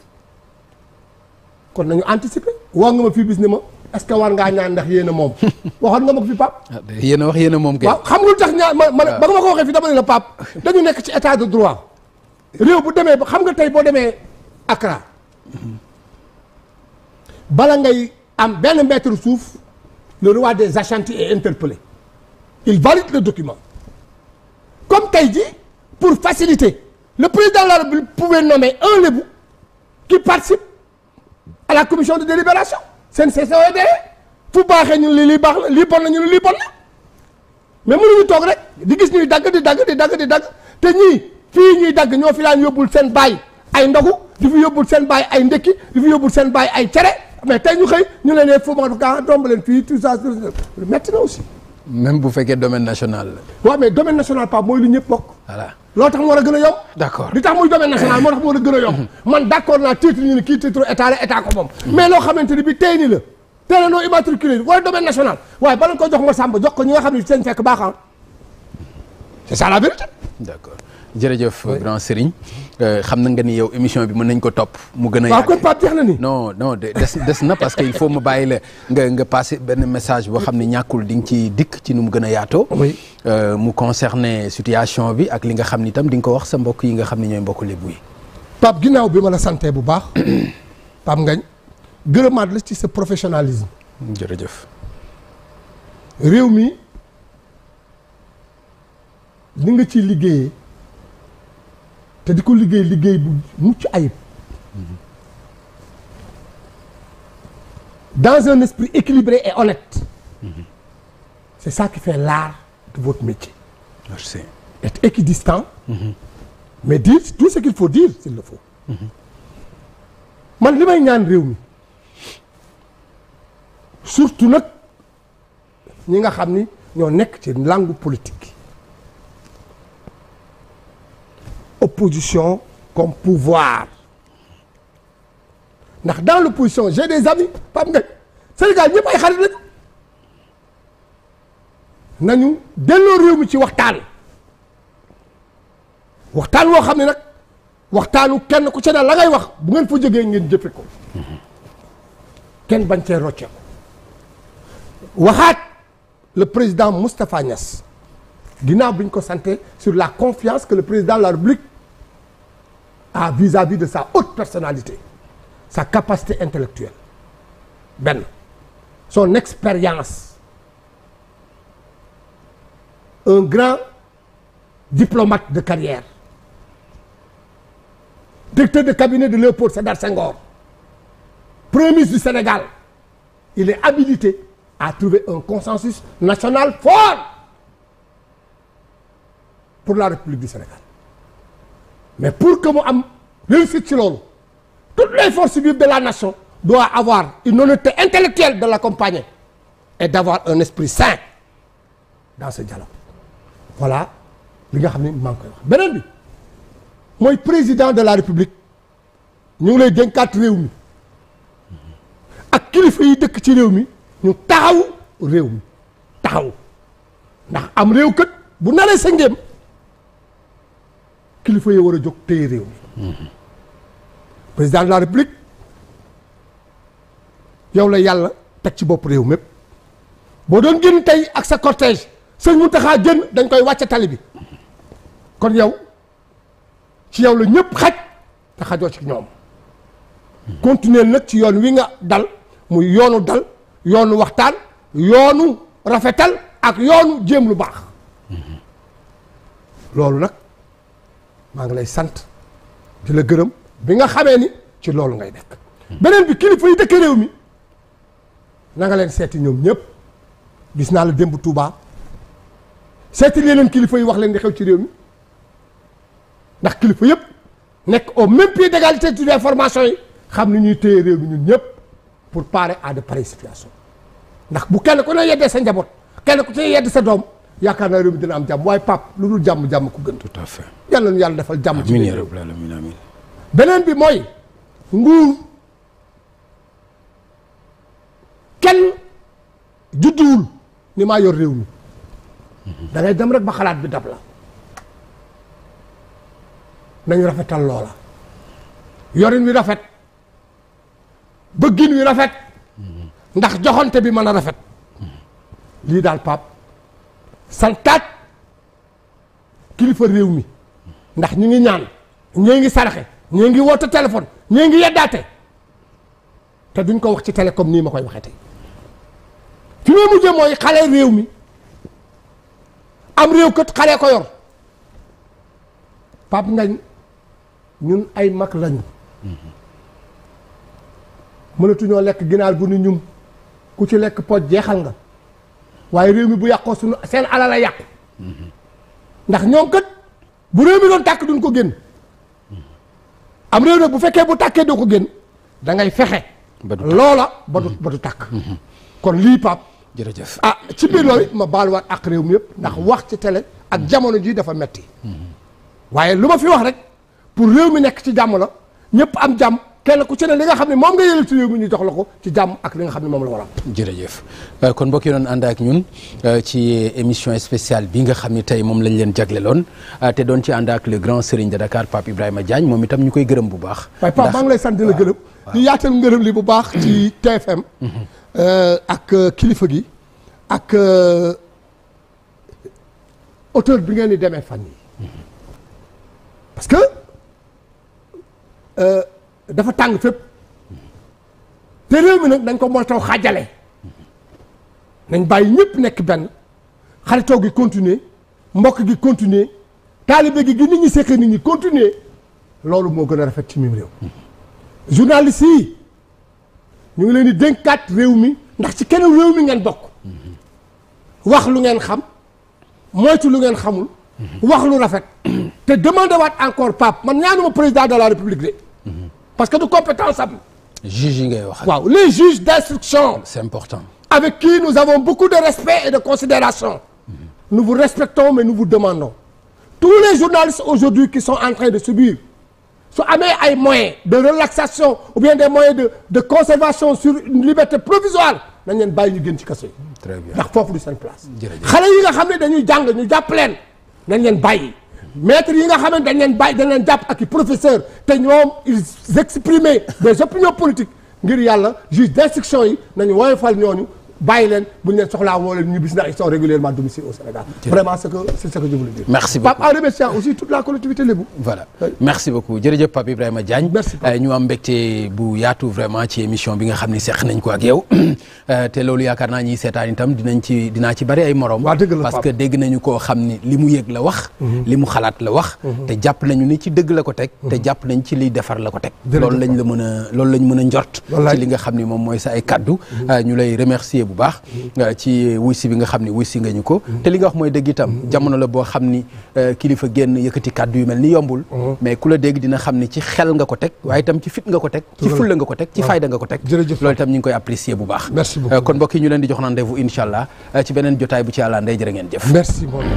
kon nañu anticiper woo nga ma fii bis ne ma est que war ngaa ñaan ndax yéen a moom <laughs> waxoon nga ma ko fi Pape. Ah, yéen a wax yéen moom kay. waaw xam nga lu tax ñaan ma ma ah. ba nga ma ko waxee fi dama ne la Pape dañu nekk ci état de droit réew bu demee ba xam nga tey boo demee Accra mhm. bala ngay am benn mètre suuf. le waa des Achanti est interpellé il valide le document comme tey ji pour faciliter le président de la République pouvait nommer un lébu qui participe à la commission de délibération seen session yooyu dee fu baaxee ñun li lii baax la lii bon la ñun lii bon la mais mënuñu toog rek di gis ñuy dagg di dagg di dagg di dagg te ñii fii ñuy dagg ñoo fi daan yóbbul seen baay ay ndogu di fi yóbbul seen baay ay ndekki di fi yóbbul seen baay ay cere mais tey ñu xëy ñu leen ne fomant ka domb leen fii tout ça lu metti na aussi même bu fekkee domaine national la mais domaine national Pape mooy lu ñëpp bokk voilà loolu tax mu war a gën a yomb tax muy domaine national moo tax mu war a gën a <laughs> man d'accord naa titre ñu ne kii titre état la état ko moom mais loo xamante ni bi tey ni la tey la noo immatriculé wala domaine national waaye bala ko jox ma sàmba jox ko ñi xam ne seen jërëjëf grand Serigne euh, xam na nga ni yow émission bi mën nañ ko topp mu gën a yàgg kon Pape jeex na ni des na parce que il faut ma bàyyi la nga nga benn message boo xam ne ñàkkul di nga ci dikk ci nu mu gën a yaatoo euh, mu concerné situation bi ak li nga xam ni itam di nga ko wax sa mbokk yi nga xam ne ñooy mbokk lébu yi Pape ginnaaw bi ma la santé bu baax <coughs> Pape Ngagne gërëmaat la ci sa professionnalisme jërëjëf réew mi li nga ci liggéeyee te di ko liggéey liggéey bu mucc ayib dans un esprit équilibré et honnête c'est ça qui fait l'art de votre métier mais dire tout ce qu'il faut man li may ñaan réew mi surtout nag ñi nga xam ni ñoo nekk ci langue politique opposition comme pouvoir ndax dans l'opposition j'ai des amis Pape Ngagne Sénégal ñëpp ay xarit lañu nañu delloo réew mi ci waxtaan waxtaan woo xam ne nag waxtaanu kenn ku ci ne la ngay wax bu ngeen fa jegee ngeen jëfe ko kenn bañ cee rocce ko waxaat le président Moustapha Niass ginnaaw bi ñu ko santé sur la confiance que le président la République à vis-à-vis de sa haute personnalité sa capacité intellectuelle benn son expérience un grand diplomate de carrière directeur de cabinet de Léopold Sédar Senghor premier ministre du Sénégal il est habilité à trouver un consensus national fort pour la République du Sénégal mais pour que mu am réussite ci loolu toutes les forces vives de la nation doivent avoir une honnêteté intellectuelle de l'accompagner et d'avoir un esprit sain dans ce dialogue voilà li nga xam ne maa beneen bi mooy président de la république ñu ngi lay dénkaat réew mi ak kilifa yi dëkk ci réew mi ñu taxaw réew mi taxaw ndax am réew kët bu naree sa ngéem kilifa yi war a jóg téye réew mi président de la république yow la yàlla teg ci bopp réew mépp boo doon génn tey ak sa cortège sëñ taxaa génn dañ koy wàcce tali bi kon yow ci yow la ñëpp xaj te xajoo ci ñoom continuer nag ci yoon wi nga dal muy yoonu dal yoonu waxtaan yoonu rafetal ak yoonu jéem lu baax loolu nag maa ngi lay sant di la gërëm bi nga xamee ni ci loolu ngay nekk beneen bi kilifa yi dëkk réew mi na nga leen seeti ñoom ñëpp gis naa la démb tuubaa seeti leen kilifa yi wax leen di xew ci réew mi ndax kilifa yëpp nekk au même pied d'égalité des informations yi xam ni ñuy téye réew mi ñun ñëpp pour parer à de pareilles situations ndax bu kenn ku ne yeddee sa njaboot kenn ku ne yedd sa doom yaakaar naa réew mi dina am jàmm waaye pap lu dul jàmm jàmm ku gën. tout à yàlla na yàlla defal jàmm. ci biir réew beneen bi mooy nguur kenn judduwul ni maa yor réew mi dangay ngay rek ba xalaat bi dab la nañu rafetal loola yorin wi rafet bëggin wi rafet mm-hmm. ndax joxante bi mën a rafet lii daal pap santaat kilifa réew mi ndax ñu ngi ñaan ñee ngi saraxe ñee ngi woote téléphone ñee ngi yeddaate te duñ ko wax ci télécom nii ma koy waxee tey fi may mujjee mooy xale réew mi am réew kët xale ko yor Pape Ngagne ñun ay mag lañu mënatuñoo lekk ginaar gu ni ñum ku ci lekk pot jeexal nga waaye réew mi bu yàqoo suñu seen alal a yàqu ndax ñoom kat bu réew mi doon tàkk duñ ko génn am réew nag bu fekkee bu tàkkee doo ko génn da ngay fexe loola ba du mm-hmm. ba du tàkk mm-hmm. kon lii pap ah ci biir loolu ma baaluwaat ak réew mi yëpp ndax mm-hmm. wax ci tele ak jamono jii dafa metti waaye lu ma fi wax rek pour réew mi nekk ci jàmm la ñëpp am jàmm kenn ku ci ne li nga xam ne moom nga yële ci réew mi jox la ko ci jàmm ak li nga xam ne moom la war a jërëjëf euh, kon mbokk yi doon ànd ak ñun euh, ci émission spéciale bi nga xam ni tey moom lañ leen jagleloon euh, te doon ci ànd ak le grand serigne de Dakar Pape Ibrahima Diagne moom itam ñu koy gërëm bu baax. waaye Pape maa ngi lay sant di la ñu yaatal ngërëm li bu baax ci TFM. Mm-hmm. Mm-hmm. ak kilifa gi ak auteur bi ngeen di demee fan yi mm-hmm. parce que. dafa tàng fépp te réew mi nag dañ ko moytoo xaajale nañ bàyyi ñëpp nekk benn xaritoo gi continuer mbokk gi continuer taalibe gi gi nit ñi seq nit ñi continuer loolu moo gën a rafet ci mim réew journaliste yi ñu ngi leen di dénkaat réew mi ndax ci keneen réew mi ngeen bokk wax lu ngeen xam moytu lu ngeen xamul wax lu rafet te demandé waat encore Pape man ñaanuma président de la république de parce que du compétence am. juge yi ngay wax. waaw les juges d'instruction. c'est important. avec qui nous avons beaucoup de respect et de considération. Mm-hmm. nous vous respectons mais nous vous demandons. tous les journalistes aujourd'hui qui sont en train de subir su amee ay moyens de relaxation ou bien des moyens de de conservation sur une liberté provisoire nañ leen bàyyi ñu génn ci kaso yi. très bien ndax foofu du seen place. xale yi nga xam ne dañuy jàng ñu jàpp leen nañ leen bàyyi. maitre yi nga xamante dañ leen bàyyi dañ leen jàpp aki i professeur te ñoom ils exprimaient des opinions politiques ngir yàlla juge d'instruction yi nañu woyofal ñooñu bàyyi leen bu ñu leen soxlaa woo bis ndax ils sont régulièrement domiciliés au Sénégal. vraiment c'est que c'est ce que je voulais dire. merci beaucoup Pape en remerciant aussi toute euh, euh, ñu am mbégte bu yaatu vraiment ci émission bi nga xam ne seq nañ ko ak yow. <clears throat> Euh, te loolu yaakaar naa ñiy seetaan itam dinañ ci dinaa ci bari ay moroom waaw dëgg la parce que dégg nañu koo xam ni li mu yëg la wax. Mhm. li mu xalaat la wax. Mhm. te jàpp nañu ni ci dëgg la ko teg. Mhm. te jàpp nañ ci liy defar la ko teg. loolu lañ la mën a loolu lañ mën a njort. ci li nga xam ni moom mooy sa ay kaddu. ñu lay remercier bu bu baax euh, ci wuy si bi nga xam ni wuy si nga ñu ko te li nga wax mooy dëgg itam jamono la boo xam ni euh, kilifa génn yëkkati kàddu yu mel ni yombul uh-huh. mais ku la dégg dina xam ni ci xel nga ko teg waaye itam ci fit nga ko teg ci ko teg ci fayda nga ko teg loolu itam ñu ngi koy apprécier bu baax euh, kon mbokk yi ñu leen di jox rendez-vous incha allah ci beneen jotaay bu ci yàlla ndey jërë ngeen jëf merci